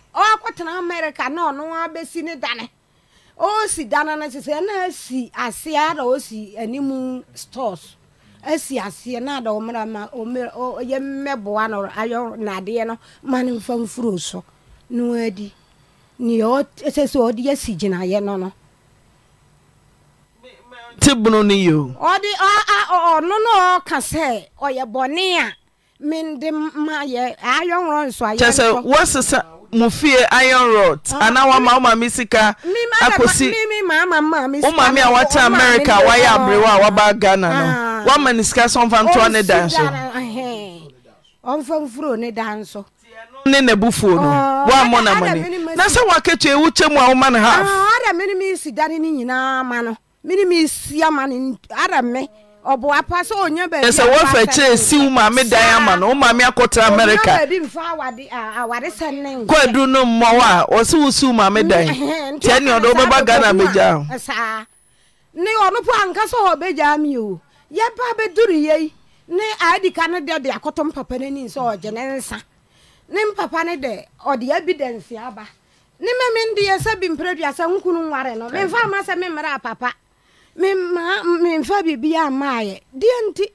Speaker 10: ọ ɔakɔtena amerika na ɔno abɛsi ne dane ɔsi dane no sesɛ na asi aseɛ ada si anim stores esi asị na ada ɔmɛboa no ayɔ nadeɛ no ma na wadi neɛ sɛsɛ ɔde asi gyinaeɛ no no
Speaker 1: te bono no yio
Speaker 10: ɔde ọ no ɔka sɛ ɔyɛ bɔne a mende ma yɛ nsọ
Speaker 1: mo fie iron rot ah, anawama womame sika
Speaker 10: akosi amị a wata amerika wayɛ aberewɔ a waba
Speaker 1: ghana no ah. woama ne sika sɛ ntụ ntoa oh, eh, eh. da nso ne oh, na bufuo no woammɔ na mɔne na sɛ mu a ah,
Speaker 10: no half ọbụwa pasa onye beebi a wasa wọfa kyerɛ
Speaker 1: esi maame dan ama no maame akɔtara amerika onye beebi
Speaker 10: nfa awade awade sɛn ne nkɛ kɔɔdu
Speaker 1: no mmɔwa a wɔsi wusu maame dan tiɛ ni ɔdɔ ɔbɛba ghana abegya ho
Speaker 10: saa ne ɔno po ankasa ɔhɔ abegya mi o yɛba abɛduru yie yi ne adi ka ne deɛ ɔde akɔtɔ mpapa n'ani nso ɔgye ne nsa ne mpapa ne deɛ ɔde evidence aba ne mmemme ndeɛ sɛ bi mpere duasa nkunu nware no mmefa ama sɛ mmemmere apapa. memfa biribia maayɛ deɛ nti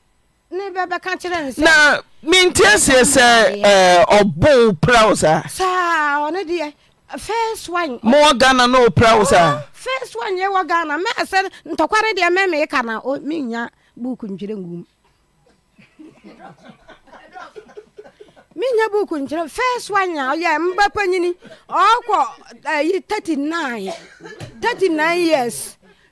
Speaker 10: ne bɛbɛka kyerɛ ne sɛna
Speaker 1: mentia sie sɛ eh, ɔbo wo pra wo saa
Speaker 10: saa ɔne deɛ first one
Speaker 1: mowɔ ghana na ɔpra wo saa
Speaker 10: first one yɛwɔ ghana mɛsɛ ntɔkware deɛ mɛmeeka na menya buuku ntwerɛ ngum menya buuku nkyerɛ (laughs) first one a ɔyɛ mbɛpanyini ɔkɔ ayi 39 39 years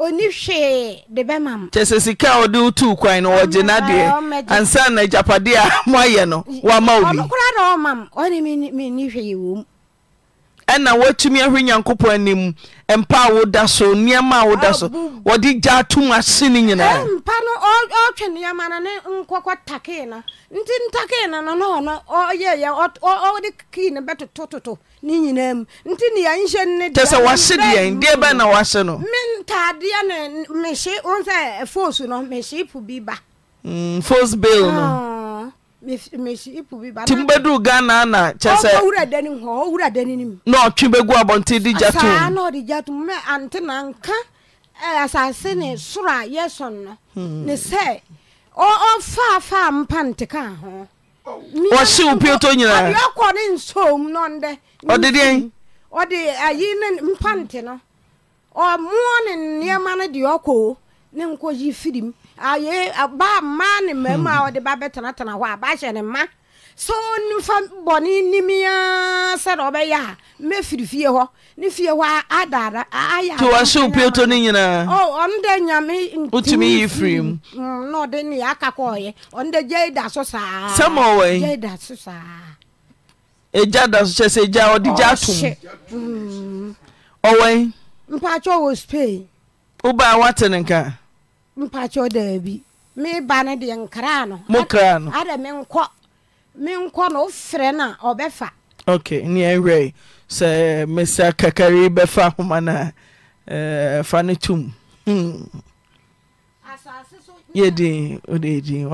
Speaker 10: oni hwee de be mam
Speaker 1: kyɛ se sika o ɔde wo tuu kwan no wɔgye na deɛ ansa na japade a (laughs) moye no wama wo o ɔno
Speaker 10: koraa na ɔma m mi ni hwe yi wo
Speaker 1: ɛna woatumi ahwɛ nyankopɔn anim mpa a woda so nneɛma a woda so wɔde gya atom ase no nyinaa
Speaker 10: mpa no ɔtwe nneɛma no ne nkɔkɔ takee no nti ntakee no no na ɔno ɔyɛyɛ ɔde kii bɛtotototo ne nyinaa mu nti ne sɛ wase deɛn deɛ na wase no ne mehye wo sɛ eh, no mehye po bi ba mm, timbɛduu
Speaker 1: ghana na kyɛ na ɔtwe bɛgu abɔnte de gya
Speaker 10: tomnanka eh, asase ne soro a yɛsɔn no hmm. ọ fa fa mpa ntekaa ho
Speaker 1: ɔhye oh. wo piotɔ nyinaa
Speaker 10: ɔkɔ ne nsom nɔndɛ ɔde deɛn ɔde ayi ne mpa nte no ɔmoɔ ne firi aye ba ni ne a ɔde ba bɛtenatena hɔ a ba hyɛ ne mma sɛ ɔnifa bɔne nimiaa sɛde ɔbɛyɛ fie hɔ ne fie hɔ adada nyinaa oh, yi firi mu mm, mm, na ɔde ne aka kɔ ɔyɛ ɔno dɛ gya da so saa so saa
Speaker 1: eja da so ja spain nka
Speaker 10: mpakyɛw daabi meba no deɛ nkra no mokra no ada menkɔ menkɔ no wofrɛ no a ɔbɛfa
Speaker 1: ok ne ɛwerɛ sɛ mesa kakari bɛfa homa no a uh, fa no tom hmm. yɛdin wode ɛdin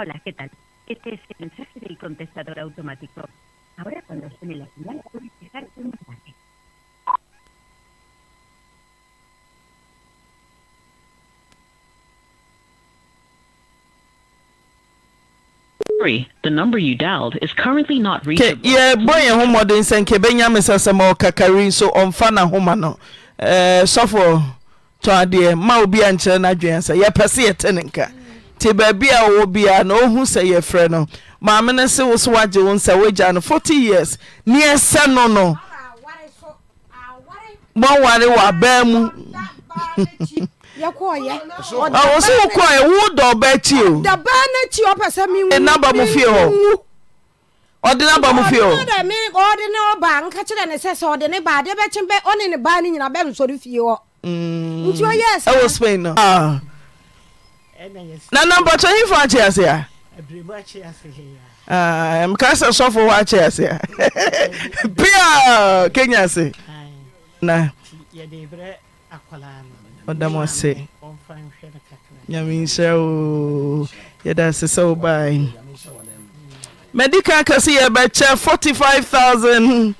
Speaker 6: Hola, ¿qué tal? Este es el mensaje del contestador automático. Ahora cuando suene la señal puedes dejar mensaje.
Speaker 11: Sorry, the number you dialed is currently not reachable.
Speaker 1: Yeah, boy, home Kebenya Mr. Samo Kakari so on fana homano. Eh, so for yeah, Tenenka. te baabi a wɔ na ɔhu sɛ yɛfrɛ no maamene se wo so woagye wo nsa no 40 years ne ɛsɛ no no mɔware wɔ abaa mu (laughs)
Speaker 10: wo so wo kɔɛ wodɔ ɔbaa kyi o naba mo fie hɔ
Speaker 1: ɔde no aba mo fie hɔ ɛwɔ spain no ah.
Speaker 5: nanampatɔhimfo akye ase
Speaker 1: amekasɛ sɔfo hɔ akye ase a pia (laughs) kenya sea oyɛd ase sɛ wob m'adi mm. ka kɛ sɛ yɛbɛkyɛ 45000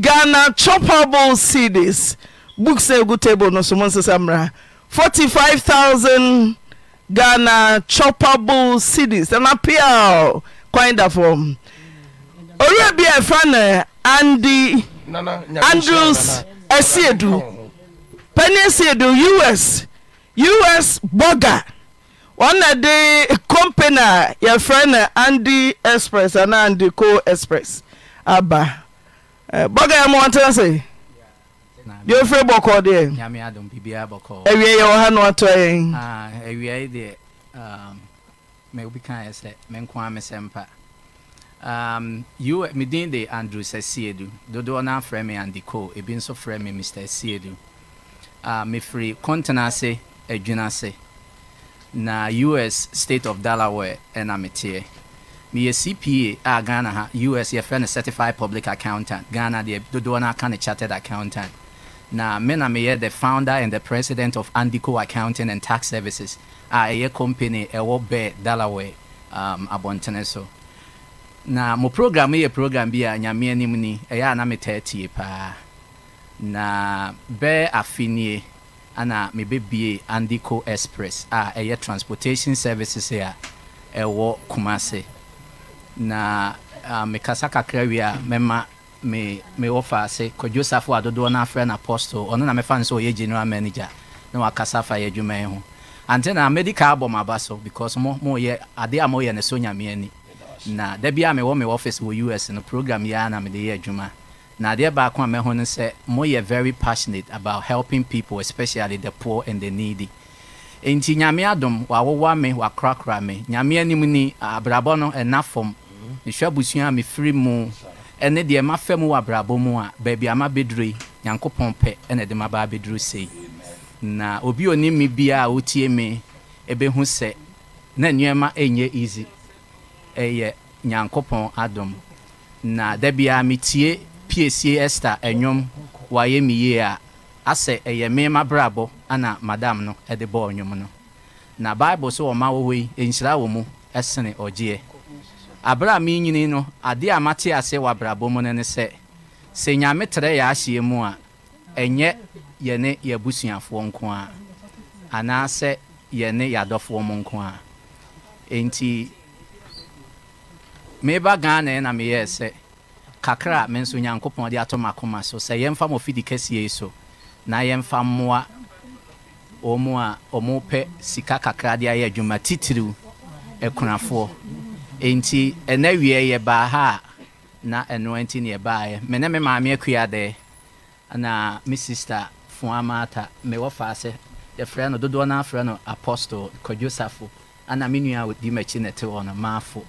Speaker 1: ghana choparbol sedies book sa agu table no somo nsesɛ mmra 45000 ganachopabl cities ana piaa kwandafom rea bia ɛfra ne and andrews asidu pansdu us us boga ɔna de company a yɛfrɛ ne andi express ana andi co express ababoga eh, yɛmoats deɛ ofiri bɔkɔ
Speaker 12: deɛ awie yɛ wɔ ha na watɔ yɛn awie deɛ mebi kaɛ sɛ menko a mesɛ mpa um, you medin de andrews asiedu dodoɔ no afrɛ me andico ebi nso frɛ me mr asiedu uh, ah, mefiri kɔntena ase adwina ase na us state of delaware ɛna meteɛ meyɛ cpa a ah, ghana ha us yɛfrɛ no certified public accountant ghana deɛ dodoɔ no aka ne chartered accountant na me na the founder and the president of andico accounting and tax services a ɛyɛ company ɛwɔ bɛɛ delaware um, abɔntene so na mo program yɛ program bi a nyame anim ni ɛyɛ a na be paa na bɛɛ afinie be Andiko andico express a ɛyɛ transportation services a ɛwɔ kumase na uh, mekasa kakra wie a me mewɔ faase kwadwo safo a dodoɔ no afrɛ no apostle ɔno na mɛfa no sɛ ɔyɛ general manager na wakasa fa yɛ adwuma yi ho ante na medical abɔ m aba so because mo mo moyɛ ade a moyɛ no so nyameɛ ni na da bi a mewɔ me office wɔ us no program yi a na mede yɛ adwuma na adeɛ baako a mɛho no sɛ moyɛ very passionate about helping people especially the poor and the needy nti nyame adom wawowa me wakorakora me nyame anim ni uh, abrabɔ no ɛna fam mehwɛ abusua a mefiri mu ɛne deɛ mafa mu wɔ abrabɔ mu a baabi ama mabɛduro yi nyankopɔn pɛ ɛna de maba abɛduro sei na obi oni mi bia a wotie me ɛbɛhu sɛ na nneɛma ɛnyɛ easy ɛyɛ nyankopɔn adom na da biara metie piesie esther ɛnwom wayɛ me yie a asɛ ɛyɛ me mabrabɔ ana madam no ɛde bɔɔ nnwom no na bible so wɔ ma wɔwɔ yi nhyira wɔ mu ɛsene ɔgyeɛ abere a no adeɛ a mate ase wɔ abrabɔ mu no ne sɛ sɛ nyame trɛ yɛ ahyeɛ mu a ɛnyɛ yɛne yɛabusuafoɔ nko a anaasɛ yɛne yɛadɔfoɔ mu nko a enti meba ghana na meyɛɛ sɛ kakra me nso nyankopɔn de atɔ makoma so sɛ yɛmfa mɔ fidi kɛsie so na yɛmfa mmoa ɔmu a ɔmo pɛ sika kakra de ayɛ adwuma titiriw akunafoɔ nti ɛnɛ wie yɛ baa ha na ɛno nti ne yɛbaeɛ me ne me maame akuadɛ na me sister foa maata mewɔ faase yɛfrɛ no dodoɔ no afrɛ no apostle kɔdwosafo ana me nua a di m'akyi ne te hɔ no maafo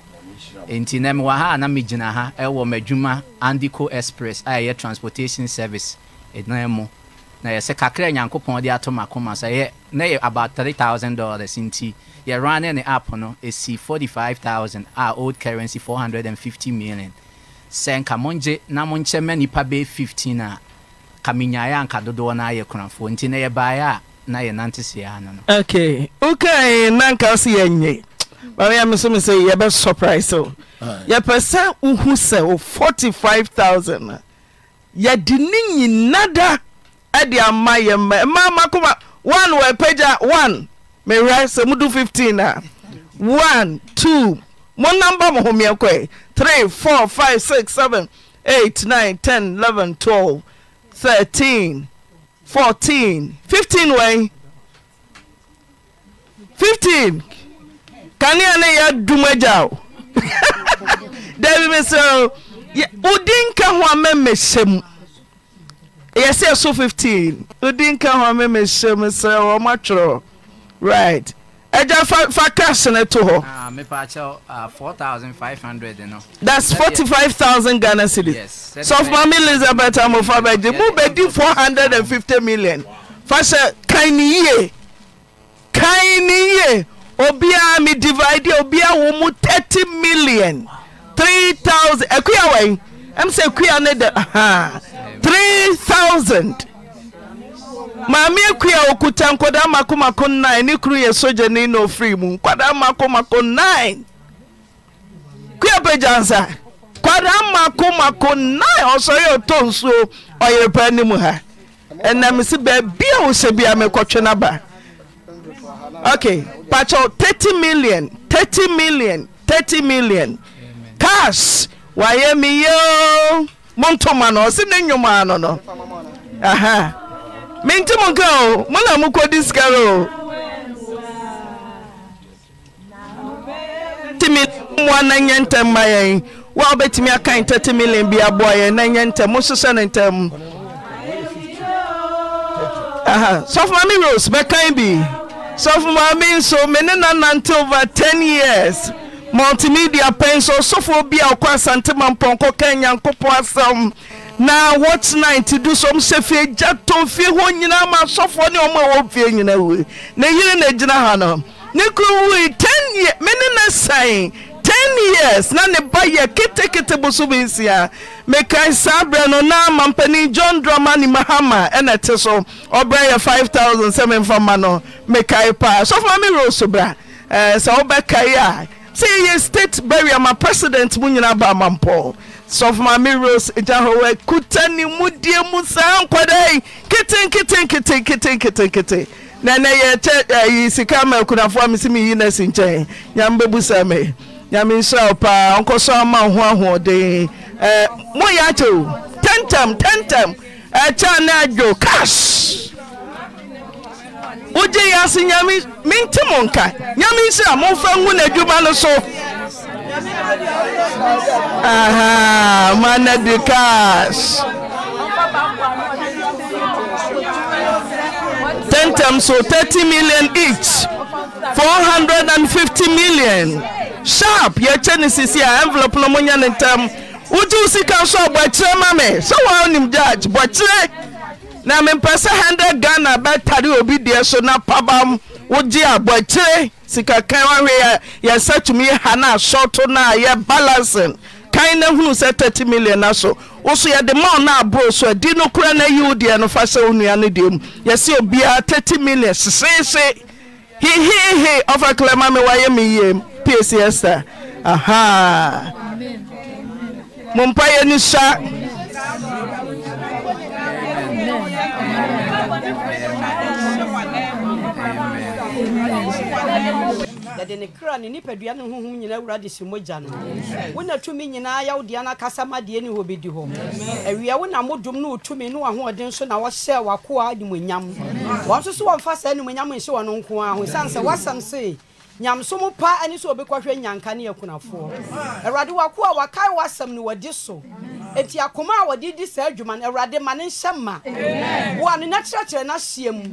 Speaker 12: nti na mewɔ ha na megyina ha ɛwɔ m'adwuma andico express a ɛyɛ transportation service ɛnan mu na yɛsɛ kakra nyankopɔn de ato makoma sa yɛ na yɛ about thousand dollars nti yɛra ne ne app no forty five thousand a old currency 450 million sɛ nka mongye na monkyɛ ma nnipa bɛɛ 15 a kaminyaya anka dodoɔ na ayɛ korafoɔ nti na yɛbaeɛ a na yɛnante seaa no no
Speaker 1: ok wokae na nka wo so yɛnyɛ mameya me so me sɛ yɛbɛ surprise o yɛpɛ sɛ wohu sɛ five thousand a yɛde ne nyinada ɛde ama yɛ ma mama koma o wɔ pɛ gya 1 mewera sɛ mudu 15 a 1 2 mo nam ba mɔho miɛ kɔ 3 4 5 6 s 8 9ine 10 11 12e 3 4 15 wɔi 15 kanea na yɛ adu m agyaw (laughs) da bi mesɛ odinka ho a mɛmɛhyɛm yɛ fifteen. so 15 wodi nka ho me mehyɛ me sɛ wɔ matwerɛ right ɛgya fa fa cash ne to hɔ.
Speaker 12: Ah, mepakyɛw uh, four thousand five hundred no. that's forty five thousand ghana cedis. yes. sɔfumami elizabeth amofa bɛgye mu
Speaker 1: bɛdi four hundred and fifty million fa hyɛ kan ni yie kan ni yie obiara mi divide obiara wɔ mu thirty million three thousand ekuya wɛn ɛmu sɛ ekuya ne de. 3000 maame akua okuta nkwadaa mako mako 9 ne kuru yɛ sogyani na ofiri mu nkwadaa mako mako 9 kua pagyansa nkwadaa mako 9 ɔsɔre ɔtɔ nsuo ɔyere pa anim ha ɛnam si baabi a wɔhyɛ bia mekɔtwe no ba okay pakyɛw 30 million 30 million 30 million cash wayɛ me montoma no ɔse ne nnwomaa no no aha mente mo ka o mo na mokɔdi sikara o timi mu na nyɛ ntɛm ma yɛn wo a wobɛtumi aka 30 million bi aboa yɛn na nyɛ ntɛm mohyehyɛ ne ntɛm aha sɔfo maame rose bɛkan bi sɔfo maame nso me ne nanante over ten years multimedia penso sɔfoɔ bi a ɔkɔ asantema mpɔnkɔ ka nyankopɔn asɛm na watch night do som sɛ fie gya tɔ fie hɔ nyinaa ma asɔfoɔ ne ɔmo a wɔwɔ fie nyinaa wui ne yere na gyina ha no ne kuro wui ten years me ne ne ten years na ne ba yɛ ketekete boso bi nsia mekae saa berɛ no na mampanin john dramani mahama ɛna ɛte so ɔbrɛ yɛ five thousand sɛ memfa ma no mekae paa sɔfoɔ ma me wuro so bra ɛɛ eh, sɛ wobɛkae a sɛ state barrier ma president mu nyina ba amampɔ sɔfomame rose gyahowa kuta ne mu die mu saa nkɔdɛ ketenketenketenketenkete na ɛnɛ yɛkyɛ ayi sika ma akunafoɔ a me mi meyi no asi nkyɛn nyame bɛbusa me nyame nhyira wo paa ɔnkɔsɔ ama ho ahoɔden moyɛ akyɛ o tentam tentam ɛkyɛ ne adwo cash wogye yɛ ase nyame mente mo nka nyame nhyira momfa ngu n'adwuma no so aha mana de cas ten times so thirty million each four hundred and fifty million sharp yɛkyɛ ne sisi a envelope no mo nya ne ntam wogye wo sika nso a bɔkyerɛ ma me sɛ wɔn anim judge bɔkyerɛ. namempɛ sɛ hande ghana bɛtare obi deɛ so na pabam wogye abakyire sika kan woahweɛ yɛnsa atumi yɛ ha ne asuto no a yɛ balansen kan no hunu sɛ 30 million na so woso yɛde maono aborɔ so adi no koraa no yiwo deɛ no fa sɛ wo nua no deɛ mu yɛse obiara 30 million seseese hhhe ofe klama me wayɛ me yem pissth ompayɛns
Speaker 13: yɛde ne kra ne nipadua ne honhom nyinaa awurade si mogya no wona tumi nyinaa yɛwodeɛ no akasa ne hɔ bɛdi hɔ awia wo na ne wotumi ne wahoɔden nso na wɔhyɛ wakoa animonyam wɔn nso so wɔmfa saa animonyam nhyɛ wɔ no nko a ho siane sɛ woasɛm see nyamesom pa ani sɛ obɛkɔhwɛ nyanka ne akunafoɔ awurade wako a wakae w'asɛm ne wɔde so enti akoma a wɔde di saa adwuma no awurade ma ne nhyɛ ma wo ano na no ahyeɛ mu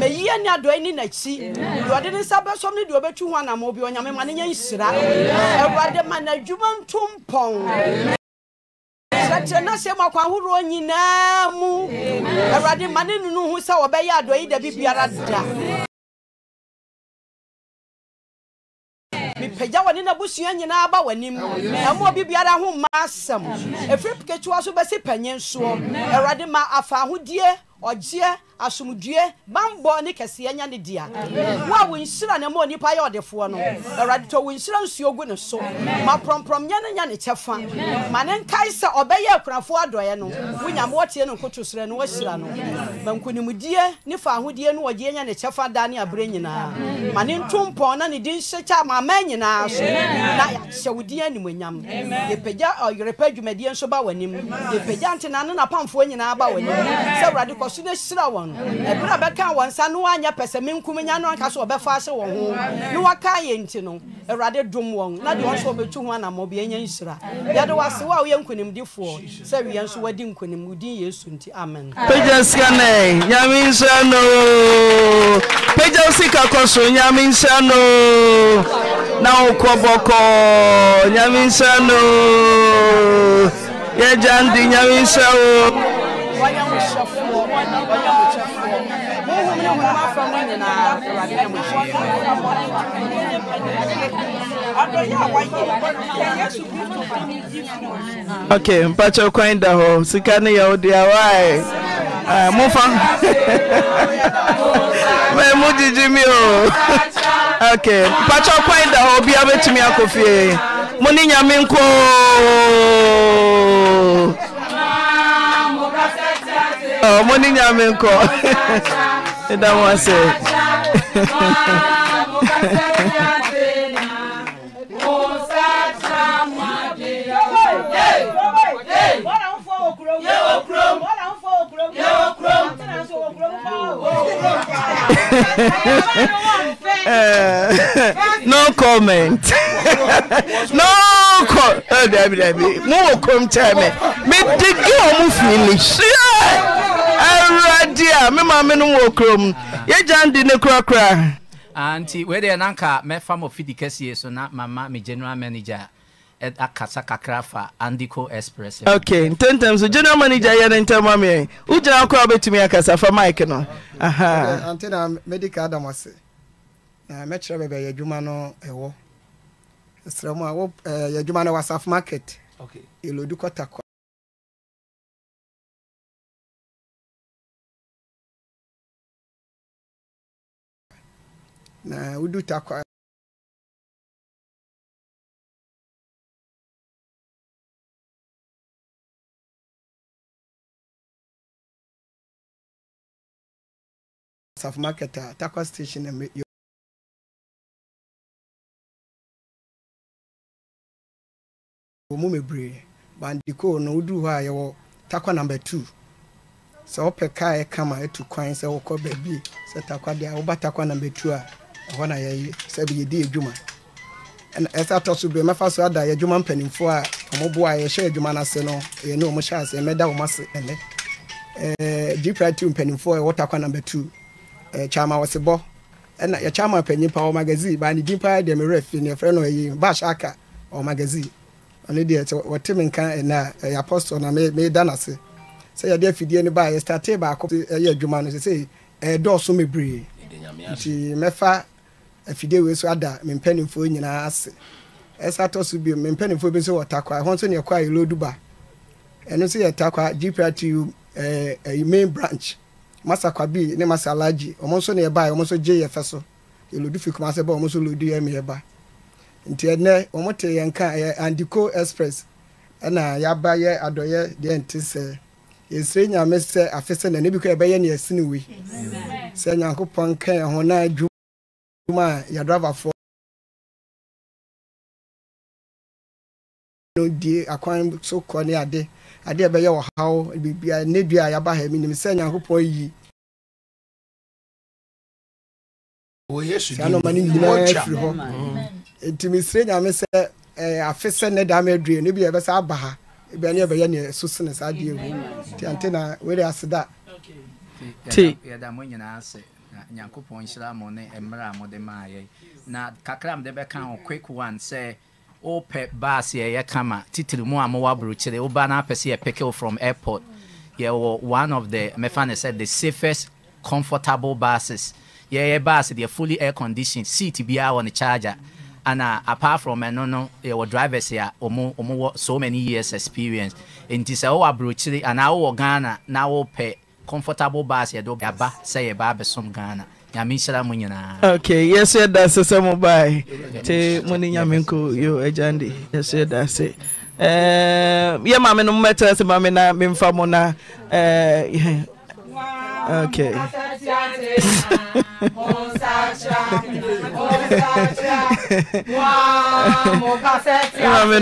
Speaker 13: mayie ne adɔe ne n'akyi awurade ne nsa bɛsɔm ne deɛ ɔbɛtwi ho anammɔ bi ɔnyame ma ne nyɛ nhyira awurade ma n'adwuma nto mpɔn kyerɛkyerɛ no hyɛ mu akwan ahoroɔ nyinaa mu awurade ma ne nunu ho sɛ wɔbɛyɛ adɔe da bibiara da mepagya wɔne n'abusua nyinaa ba w'anim ɛma obi biara ho mma asɛm ɛfiri ketewa so bɛsi panyin soɔ awurade ma afa ahodie ɔgyeɛ asomdue bambɔ ne kɛseɛ nya ne dea wo a wo nhyira ne ma onipa yɛ ɔdefoɔ no awurade tɔ wo nhyira nsuo gu ne so ma prɔmprɔmyɛ no nya ne kyɛfa ma ne nkae sɛ ɔbɛyɛ akunafoɔ adɔeɛ no wo nyame wɔteɛ no nkoto serɛ no wɔahyira no ma nkonimdie ne fa ahodeɛ no wɔgyeɛ nya ne kyɛfa da ne aberɛ nyinaa ma ne nto na ne din hyekyɛ amama nyinaa so na yɛahyɛ wo din animuonyam yɛpagya ɔyerepɛ adwumadeɛ nso ba w'anim yɛpagya ntena ne napamfoɔ nyinaa ba w'anim sɛ awurade kɔ so no hyira wɔn ɛberɛ a bɛka wɔn nsa no woanyɛ pɛ sɛ menkum nya no anka so wɔbɛfa ahyɛ wɔn ho ne wɔka yɛ nti no awurade dom wɔn na deɛ wɔn so wɔbɛtu ho anammɔ bia ɛnya nhyira yɛde wɔ ase wo a woyɛ sɛ wiɛ nso wadi nkonim wo yesu nti amen
Speaker 1: pagya sika ne nyame nhyira no pagya sika kɔ nyame nhyira no na wokɔ bɔkɔ nyame nhyira no yɛgya ndi nyame nhyira wo
Speaker 13: honhom
Speaker 3: ne honhom afam no nyinaa awurade ne mohyɛ
Speaker 1: ok mpakyɛ kwan da hɔ o ok ọmọ oh, ní nyàmé nkọ ẹdá wọn ase. (laughs) no comment (laughs) no comment ẹ oh, dẹbi dẹbi mo wò kom kyerẹ mi mi digi ọmọ finish.
Speaker 12: Yeah
Speaker 1: awurade a me maame no wɔ kurom yɛgya ndi ne korakora
Speaker 12: anti wei deɛ nanka mɛfa mɔ fidi kɛseɛ so na mama me general manager akasa kakra fa andico express
Speaker 1: ok ntɛntɛm so general manager yɛ ne ntɛm ma meɛ wogyina kora wobɛtumi akasa fa mike no ante
Speaker 14: na mɛdi ka adam ase na mɛkyerɛ bɛbɛ adwuma no
Speaker 4: ɛwɔ ɛsrɛ mu a yɛ adwuma no wɔ asafo market ɛlɔdu kɔta kɔ na wodu takwa Market a uh, Takwa Station na mu mebree
Speaker 14: bandiko na wodu hɔ a yɛwɔ takwa number two sɛ wopɛ kaa ɛka e ma ɛtu kwan sɛ wokɔ baabi sɛ takwa deɛ a woba takwa number two a ɛhɔ na yɛyɛ sɛbi yɛdi adwuma ɛna ɛsɛ atɔ so bɛn mɛfa so ada yɛ adwuma mpanimfoɔ a wɔn bo a yɛhyɛ adwuma n'ase no yɛn ne wɔn hyɛ ase mɛda wɔn ase ɛnɛ ɛɛ gpra two mpanimfoɔ ɛwɔ takwa namba two ɛɛ kyama wɔsebɔ ɛna yɛ kyama panyin pa wɔ magazine baa ne din paa deɛ mɛrɛ fi ne yɛfrɛ no ɛyi baahyɛ aka wɔ magazine ɔno deɛ sɛ wɔte me nka ɛna ɛyɛ apɔstɔ na mɛda n'ase sɛ yɛde afidie no baa yɛ startee afidie wei so ada mpanimfoɔ nyinaa ase ɛsa tɔ so bio mpanimfoɔ bi nso wɔ takwa ɛhɔ nso ne ɛkɔ a yɛlɔduba ɛno nso yɛ takwa gprtu ɛɛ eh, ɛyi eh, main branch masakwa bi ne masalaji ɔmo nso ne ɛba ɔmo nso gye yɛ fɛ so yɛlɔdu fi kumase ba ɔmo nso lɔdu yɛ mi ɛba nti ɛnɛ ɔmo te yɛn ka ɛyɛ eh, andiko express ɛna yaba yɛ adɔyɛ deɛ nti sɛ yɛsire nyame sɛ afisɛ na ne bi kɔ yɛbɛyɛ ne yɛsi ne wei
Speaker 4: sɛ nyankopɔn ka yɛn na adwuma. kuma yɛ driverfoɔ no die akwan so kɔ
Speaker 14: ne ade adeɛ bɛyɛ ɔhaw biribiara ne bi a yɛaba ha mi nim sɛ nyankopɔn yi
Speaker 4: saa nɔɔma no nyinaa firi hɔ
Speaker 14: nti mesire nyame sɛ afe sɛ ne daa ma adue no bi yɛbɛsɛ aba ha bia ne yɛbɛyɛ ne so sene saa adeɛ wu nti ante na wede aseda
Speaker 12: ti yɛda mo nyinaa sɛ nyankopɔn nhyira mo ne mmerɛ a mode na quick one sɛ wopɛ bus yɛyɛ kama titiri mu a mowɔ aburokyere woba no apɛ sɛ from airport yɛwɔ one of the mɛfa ne said the safest comfortable buses yɛyɛ bus They're fully air conditioned. seat on the charger And apart from ɛno no yɛwɔ drivers here, omo, omo, so many years experience In nti sɛ wowɔ and anaa wowɔ ghana na pe. comfortable bus yɛde yɛaba sɛ yɛba abɛsom ghana nyame nhyira mo nyinaa
Speaker 1: ok yɛso yɛda ase sɛ mobae nti mo ne nyame nko yo agyande yɛso yɛda ase yɛ maame no mmɛkyerɛ sɛ maame na memfa mo na eh, (laughs) Okay. (laughs)
Speaker 5: Mame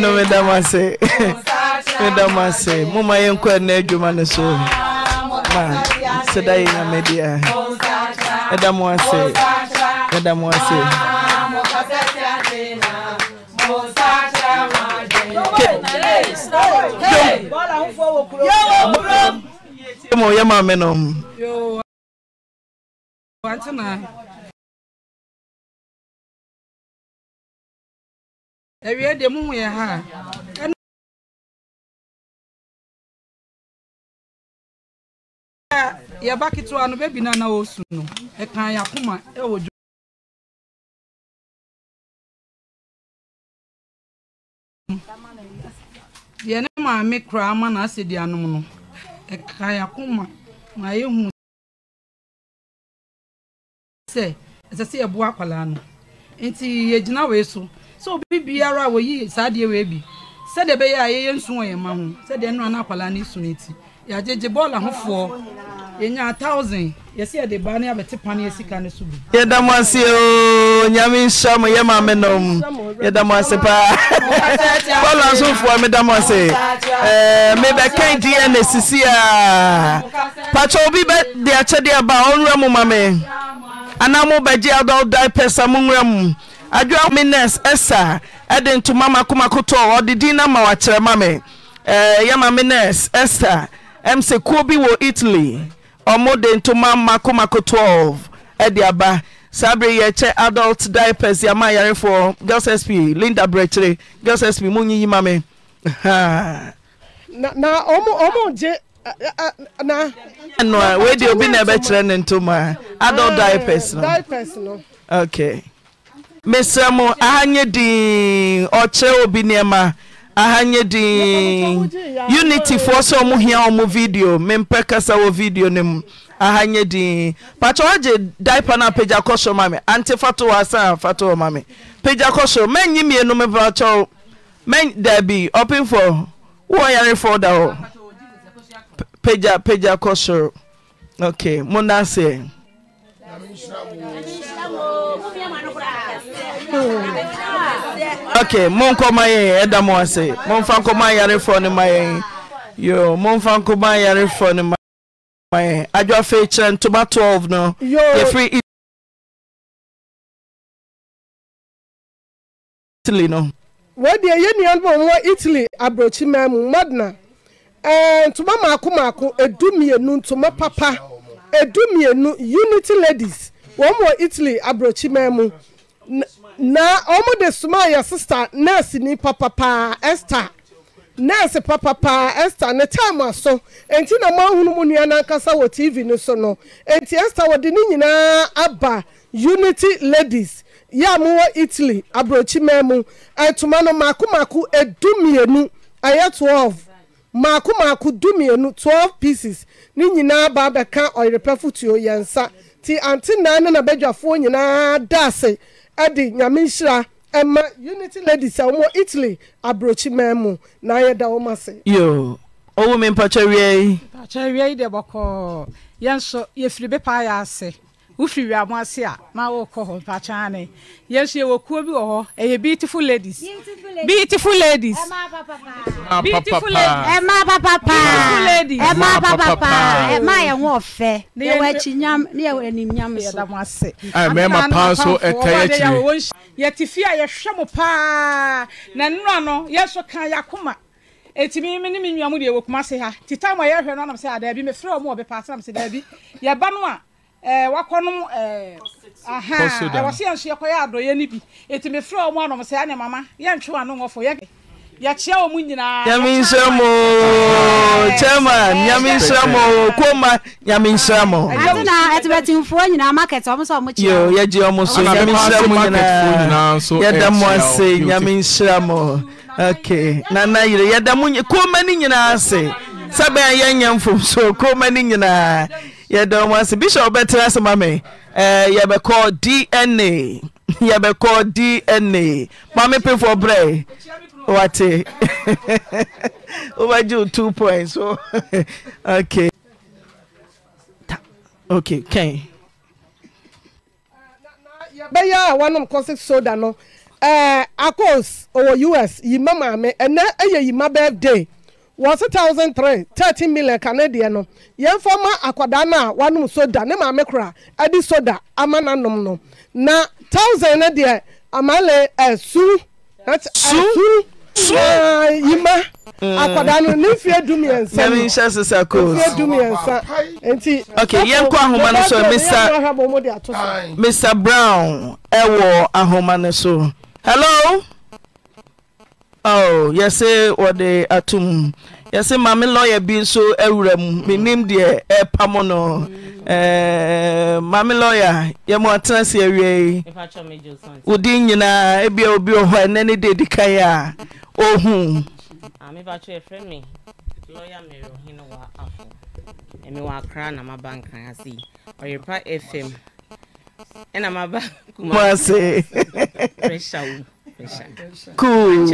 Speaker 1: no medamase. (laughs) Medamase. Muma yenkwa ne adwuma no, so ma seda yi nyame deɛ
Speaker 3: ɛda mo ase
Speaker 1: ɛda mo ase
Speaker 4: mo yɛ ma me nom ɛwie deɛ muhu yɛ ha yɛba ketewa no bɛbi na na ɔsu no ɛka yɛ akoma ɛwɔ e dwo deɛ ne maame ama ma n'asɛ di anom no ɛka yɛ akoma ma yɛhu
Speaker 3: sɛ ɛsɛ sɛ yɛboa akwadaa no nti yɛgyina so sɛ obi biara a wɔyi saa deɛ ebi sɛdeɛ a yɛyɛ nsu wɔ yɛn ma ho sɛdeɛ akwadaa no ti yɛagyegye bɔɔl ahofoɔ yɛnya thousand yɛsi yɛde ba ne abɛte pan yɛ sika ne so bi.
Speaker 1: yɛda mo ase ooo nyame nhyɛ mo yɛ maame nom yɛda mo ase paa
Speaker 3: bɔɔl asomfoɔ meda mo ase eh,
Speaker 1: mebɛkan dna sisi a patro obi bɛ de akyɛdeɛ aba ɔnwura mo ma me anaa mo bɛgye diapers a mo nwura mi nurse ɛsa ɛde ntoma makomako tɔ ɔde din na ma wakyerɛ ma me eh, yɛ maame nurse ɛsa mc kuo bi wɔ italy ɔmo de ntoma makomako 12 ɛde aba saa bere yɛkyɛ adult diapers yɛama ayarefoɔ girls sp linda brɛkyere girls sp monyiyi ma me na
Speaker 5: na ɔmo ɔmo gye na.
Speaker 1: ɛnua wedi obi na ɛbɛkyerɛ ne ntoma adult eh, diapers no.
Speaker 5: diapers no.
Speaker 1: okay. mesrɛ mu ahanye dinn ɔkyerɛ obi nneɛma. ahanye din unityfoɔ sɛ ɔmo hia ɔ video mempɛ kasa wɔ video no mu ahanye din pakyɛ wogye dipa no a kɔ so ma me ante fatowɔ asaa fatowɔ ma me pagya kɔ so mannyimienu me pakyɛw daabi ɔpemfo wowɔ yarefoɔ da hɔ pagya pagya kɔ soro ok
Speaker 3: (laughs)
Speaker 1: ok monkɔ ma yɛn ɛda mo ase momfa nkɔ ma yarefoɔ no ma yɛn
Speaker 4: yo momfa nkɔ ma yarefoɔ no ma yɛn adwafe kyerɛ ntoma 12 no yɛfiri italy no wɔdeɛ yɛ nnuanom a wɔwɔ italy aburokyi mmaa mu madna
Speaker 5: ntoma eh, mako mako edu mmienu ntoma papa edu mmienu unity ladies wɔn wɔ italy aburokyi mmaa mu na wɔn de soma yɛ sista nɛɛse ni papapaa ɛsta nɛɛse papapaa ɛsta ne taama so nti na mo ahunu mu nua n'ankasa wɔ tv ne so no nti ɛsta wɔde ne nyinaa aba unity ladies yɛ a mo wɔ italy aburokyi mɛn mu ɛtuma no mako mako edu mmienu ɛyɛ twelve mako mako du mmienu twelve pieces ne nyinaa ba abɛka ɔyerepɛ futuo yɛn nsa ti ante nan ne n'abadwafoɔ nyinaa daase ɛde nyame nhyira ɛma unity ladies a wɔn italy aburokyi mɛn mu na ayɛ da wɔn ase. yoo
Speaker 1: owó mi mpɔtɔ wia yi.
Speaker 5: mpɔtɔ wia yi de
Speaker 3: bɔkɔɔ yɛn nso yɛfiri bepaa
Speaker 10: yɛ ase wofi wiamo ase a ma wokɔ hɔ mpakyɛa ne yɛso yɛwɔ kuo bi wɔ hɔ ɛyɛ beautiful ladies beautiful ladies beautiful ladies ɛma yɛ ho ɔfɛ yɛwɔ akyinyam
Speaker 3: ne yɛwɔ animnyam soyɛdamo ase mɛma paa so ɛka akyiri yɛte fie a yɛhwɛ mo paa na nnora no yɛso ka yɛakoma ɛtumi me ne me nwua mu deɛ wɔ kuma se ha ti time a yɛhwɛ no anam sɛ adaabi ah, mefrɛ wɔ mu wɔbɛpaa sɛ nam sɛ daabi yɛba no a ɛɛ wakɔnum ɛɛ ahan ɛwɔ si yɛn nso yɛkɔ yɛ adɔyɛ ni bi etimi fira
Speaker 2: wɔn anam sɛ ɛne mama yɛn ntwi wɔn ano wɔfo yɛ yɛkyia wɔn nyinaa.
Speaker 13: nyame
Speaker 1: eh, chairman eh, nyame eh, nsiramu koma nyame
Speaker 2: na
Speaker 10: ɛtibɛtinfoɔ nyinaa market ɔmo sɛ ɔmo kyia. yoo yɛgye ɔmo so
Speaker 1: nyame nsiramu nyinaa yɛda mo ase nyame nsiramu okay nana yire yɛda mo koma ni nyinaa ase sɛbɛn yɛn nyɛ mfomso koma ni nyinaa yɛda ɔmo ase bishop bɛtena ase ma me ɛɛ yɛbɛkɔ dna (laughs) yɛbɛkɔ dna maame pefo brɛ wate (laughs) wobɛgye wo two points so (laughs) okay okay kɛn.
Speaker 5: yɛbɛyɛ a wɔnom kɔsi soda no ɛɛ akos ɔwɔ us yima maame ɛnɛ ɛyɛ yima birthday wɔsi thousand three thirteen million kanedeɛ no yɛn fa ma akwadaa no a wanom soda ne maame kora ɛde soda ama n'anom no na thousand no deɛ amale ɛsu eh, ɛsu eh, ah, yima akwadaa no ne mfie du mmiɛnsa na mi nhyɛ sisa koos mfie du mmiɛnsa nti ok yɛn kɔ ahoma no so mr
Speaker 1: mr brown ɛwɔ ahoma no so
Speaker 5: hello.
Speaker 1: Oh, yɛse wɔde atom yɛse ma me lọya bi nso awura mu mennim deɛ ɛpa mo no eh, ma me lɔya yɛmɔ atena se awiei wodin nyinaa ebia obi wɔ hɔ ɛnɛ ne de di kae a ɔhu
Speaker 11: ah, ɛnamaba
Speaker 1: cool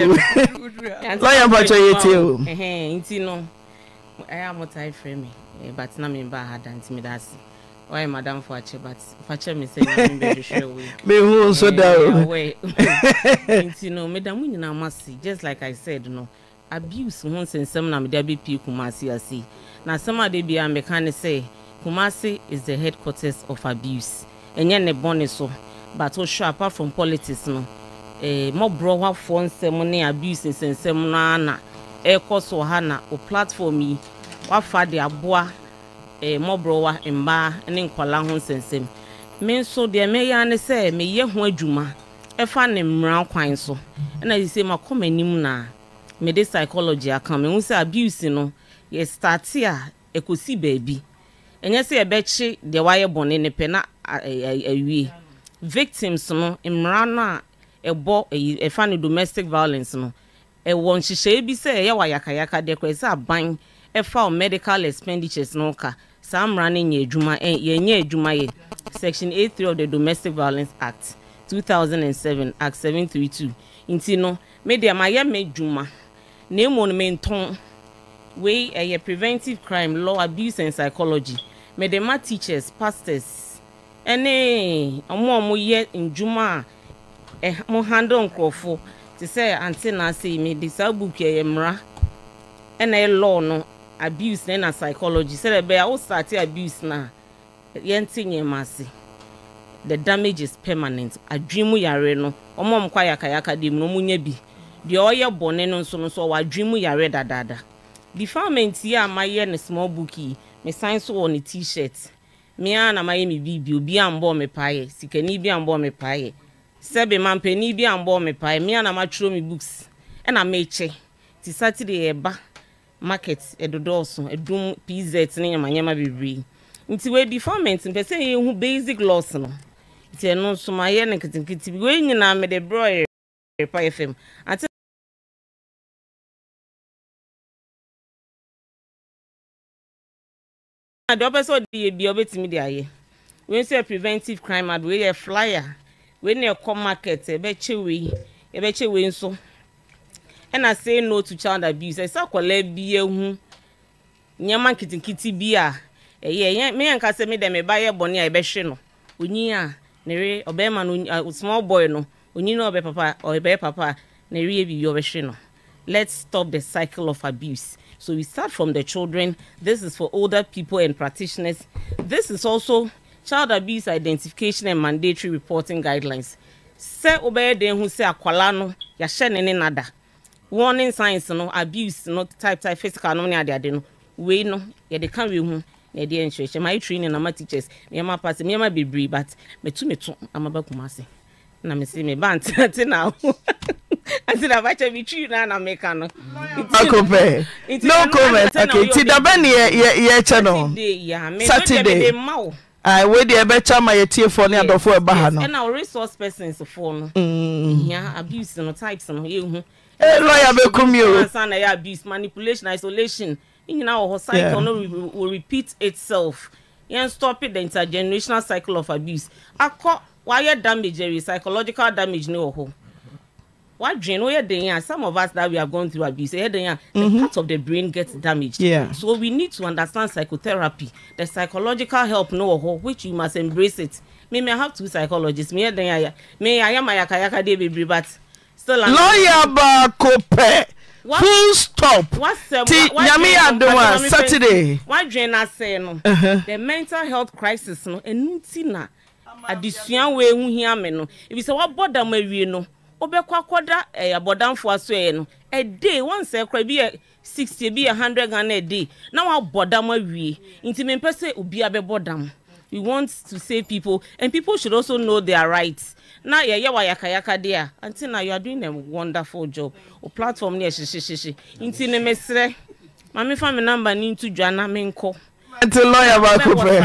Speaker 1: lọ́yà bọ̀jọ̀ yẹ ti o.
Speaker 11: nti no ɛyɛ amota efirɛ mi but na mi ba ha da nti mi da si wayɛ madam fo akyɛ but fakyɛ mi sɛ nyame bɛ hwehwɛ wo yi. mehu nso da o. nti no meda mu nyinaa ma si just like i said no abuse ho nsensɛm na mede abɛpie kumase ase na asɛm ade biara meka ne sɛ kumase is the headquarters of abuse ɛnyɛ ne bɔne so but wohwɛ apart from politics no ee eh, mọbụrụwafuo ne abuse abus nsensem na ɛkɔ eh, so ha na o platform yi wafa de aboa ee eh, mɔborɔwa mmaa ne nkwadaa ho nsensem me nso deɛ mɛyɛ ne sɛ meyɛ ho adwuma ɛfa ne mmara kwan so ɛna sise ma kɔ m'anim na mede psychology aka mehu sɛ abuse no yɛ starte a ɛkɔsi baabi ɛnyɛ sɛ yɛbɛkye deɛ wayɛ bɔne ne pɛ na awie victims no mmara no a ɛbɔ ɛyi ɛfa no domestic violence no ɛwɔ nhyehyɛe bi sɛ ɛyɛ wɔ ayakayaka deɛ kɔɛ sɛ aban ɛfa o medical expenditures no ka saa mmara no nyɛ adwuma yɛnyɛ adwuma yɛ section eight three of the domestic violence act two thousand and seven act seven three two. nti no media mayɛ m'adwuma na emu no mentɔn wei ɛyɛ preventive crime law abuse and psychology mede ma teachers pastors ɛne ɔmo a ɔmo yɛ ndwuma a Eh, mo handle nkurɔfoɔ te sɛ ante na ase yi mede saa book yɛ mmara ɛna yɛ law no abuse na ɛna psychology sɛdeɛ ɛbɛyɛ awo starte abuse na yɛnte nyɛma ase the damage is permanent adwin mu yare no wɔn a wɔkɔ ayakayaka deɛ mu no wɔn nyɛ bi deɛ ɔyɛ bɔne no nso no nso ɔwɔ adwin mu yare dadaada defilement yi a mayɛ ne small book yi me sign so wɔ ne t-shirt mmea na mayɛ me biribi obi a mbɔ me paayɛ sikani bi a mbɔ me paayɛ. ma mampani bi ambɔ me pae me ana matwerɛ me books ɛna mekyɛ nti saturday ɛba market ɛdodɔɔso ɛdum pz ne nyamanyama bebree nti wei deformment mpɛ sɛ
Speaker 4: yɛhu basic no nti ɛno nso nketenkete bi wei nyinaa mede brɔɛ pa fm ate deɛ ɔpɛ sɛ ɔde yɛ bia de ayɛ
Speaker 11: wei nso yɛ preventive crime wei na ɛkɔ market ebe wei ɛbɛkyɛ wei nso ɛna say no to child abuse ɛsɛ akwadaa bi ehu nneɛma nketenkete bi a ɛyɛ ɛyɛ mmea nka sɛ mi dɛm ɛba yɛ bɔnne a ɛbɛhwe no onyin a nere ɔbɛrima no a small boy no onyin no ɔbɛ papa ɔbɛyɛ papa nere yɛ bibi ɔbɛhwe no let's stop the cycle of abuse so we start from the children this is for older people and practitioners this is also child abuse identification and mandatory reporting guidelines sɛ wobɛyɛ den ho sɛ akwala no yɛahyɛ ne ne nada warning signs no abuse no type type physical no ne adeade no wei no yɛde ka wei ho na yɛde yɛ nhyerɛhyɛ maa yɛtiri ne nama teachers nneɛma paase nneɛma bebree but metu metu ama ba kuma ase na mesi me ba ntenate na aho ati (laughs) na abakyɛ mi tiri na na meka no. akopɛ no comment okay ti dabɛ ni yɛ yɛ kyɛ no saturday.
Speaker 1: Ah, wei deɛ ɛbɛkyɛ ma yɛtiefoɔ ne adɔfoɔ ɛba e ha no
Speaker 11: ɛna resource person persons foɔ no hia mm. abuse no types no eh, lawyer, yɛhu lɔya bɛkum yosanna ɛyɛ abuse manipulation isolation ne nyinaa wɔ hɔ cycle no will repeat itself yɛn stop it. the intergenerational cycle of abuse akɔ wayɛ damage ɛwi eh, psychological damage ne wɔ hɔ what gene oh yeah then some of us that we have gone through abuse yeah then mm-hmm. the part of the brain gets damaged yeah so we need to understand psychotherapy the psychological help no oh, oh, which you must embrace it me may have two psychologists me then me i am ayaka yaka dey baby but still I'm lawyer
Speaker 1: baako pẹ
Speaker 11: full stop
Speaker 1: uh, ti nyame adowa saturday.
Speaker 11: wadwen na sẹ no uh-huh. the mental health crisis no ẹnu ti na adesua wo ehu hia mi no ebi sẹ wabọ dam awie no wobɛkɔ akɔda ɛyɛ eh, abɔdamfoɔ aso ɛyɛ eh, no ɛde eh, wansɛ kora bi yɛ sixty bi yɛ hundred ghana ɛde na wabɔ dam awie nti mempɛ sɛ obiara bɛbɔ dam we want to save people and people should also know their rights na yɛyɛ wɔ ayakayaka de a until now, you are doing a wonderful job o platform no yɛ hyehyɛhyehyɛ nti ne mesrɛ maame fa me number ni nto dwa na menkɔ.
Speaker 1: nti loya bako pɛ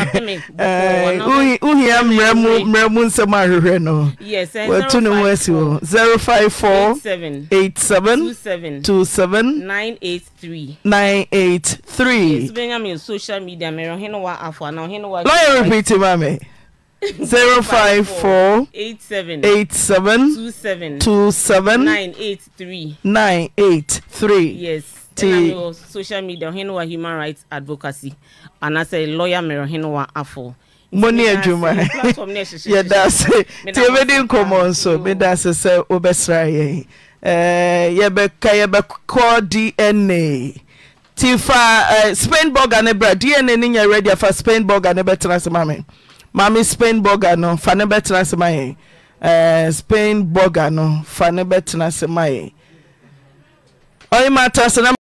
Speaker 1: wohia mmermu mmera mu nsɛm ahwehwɛ nowoa eh, u ne mo asi wo 05 8727 83lya
Speaker 11: repeat mua me
Speaker 1: 0548727 83 ti
Speaker 11: social media ohenuwa human rights advocacy anasɛ lawyer mero henuwa afo
Speaker 1: mo ní adwuma yɛda ase tie bɛdi nkɔmmɔ nso meda ase sɛ wobɛsra yɛn eh, yɛbɛka yɛbɛkɔ dna ti fa eh, spain burger ne bra dna ne nyɛ ready afa spain burger ne bɛtena ase ma me maame spain burger no fa ne bɛtena ase ma yɛn eh, spain burger no fa ne bɛtena ase ma yɛn ɔyɛ ma ta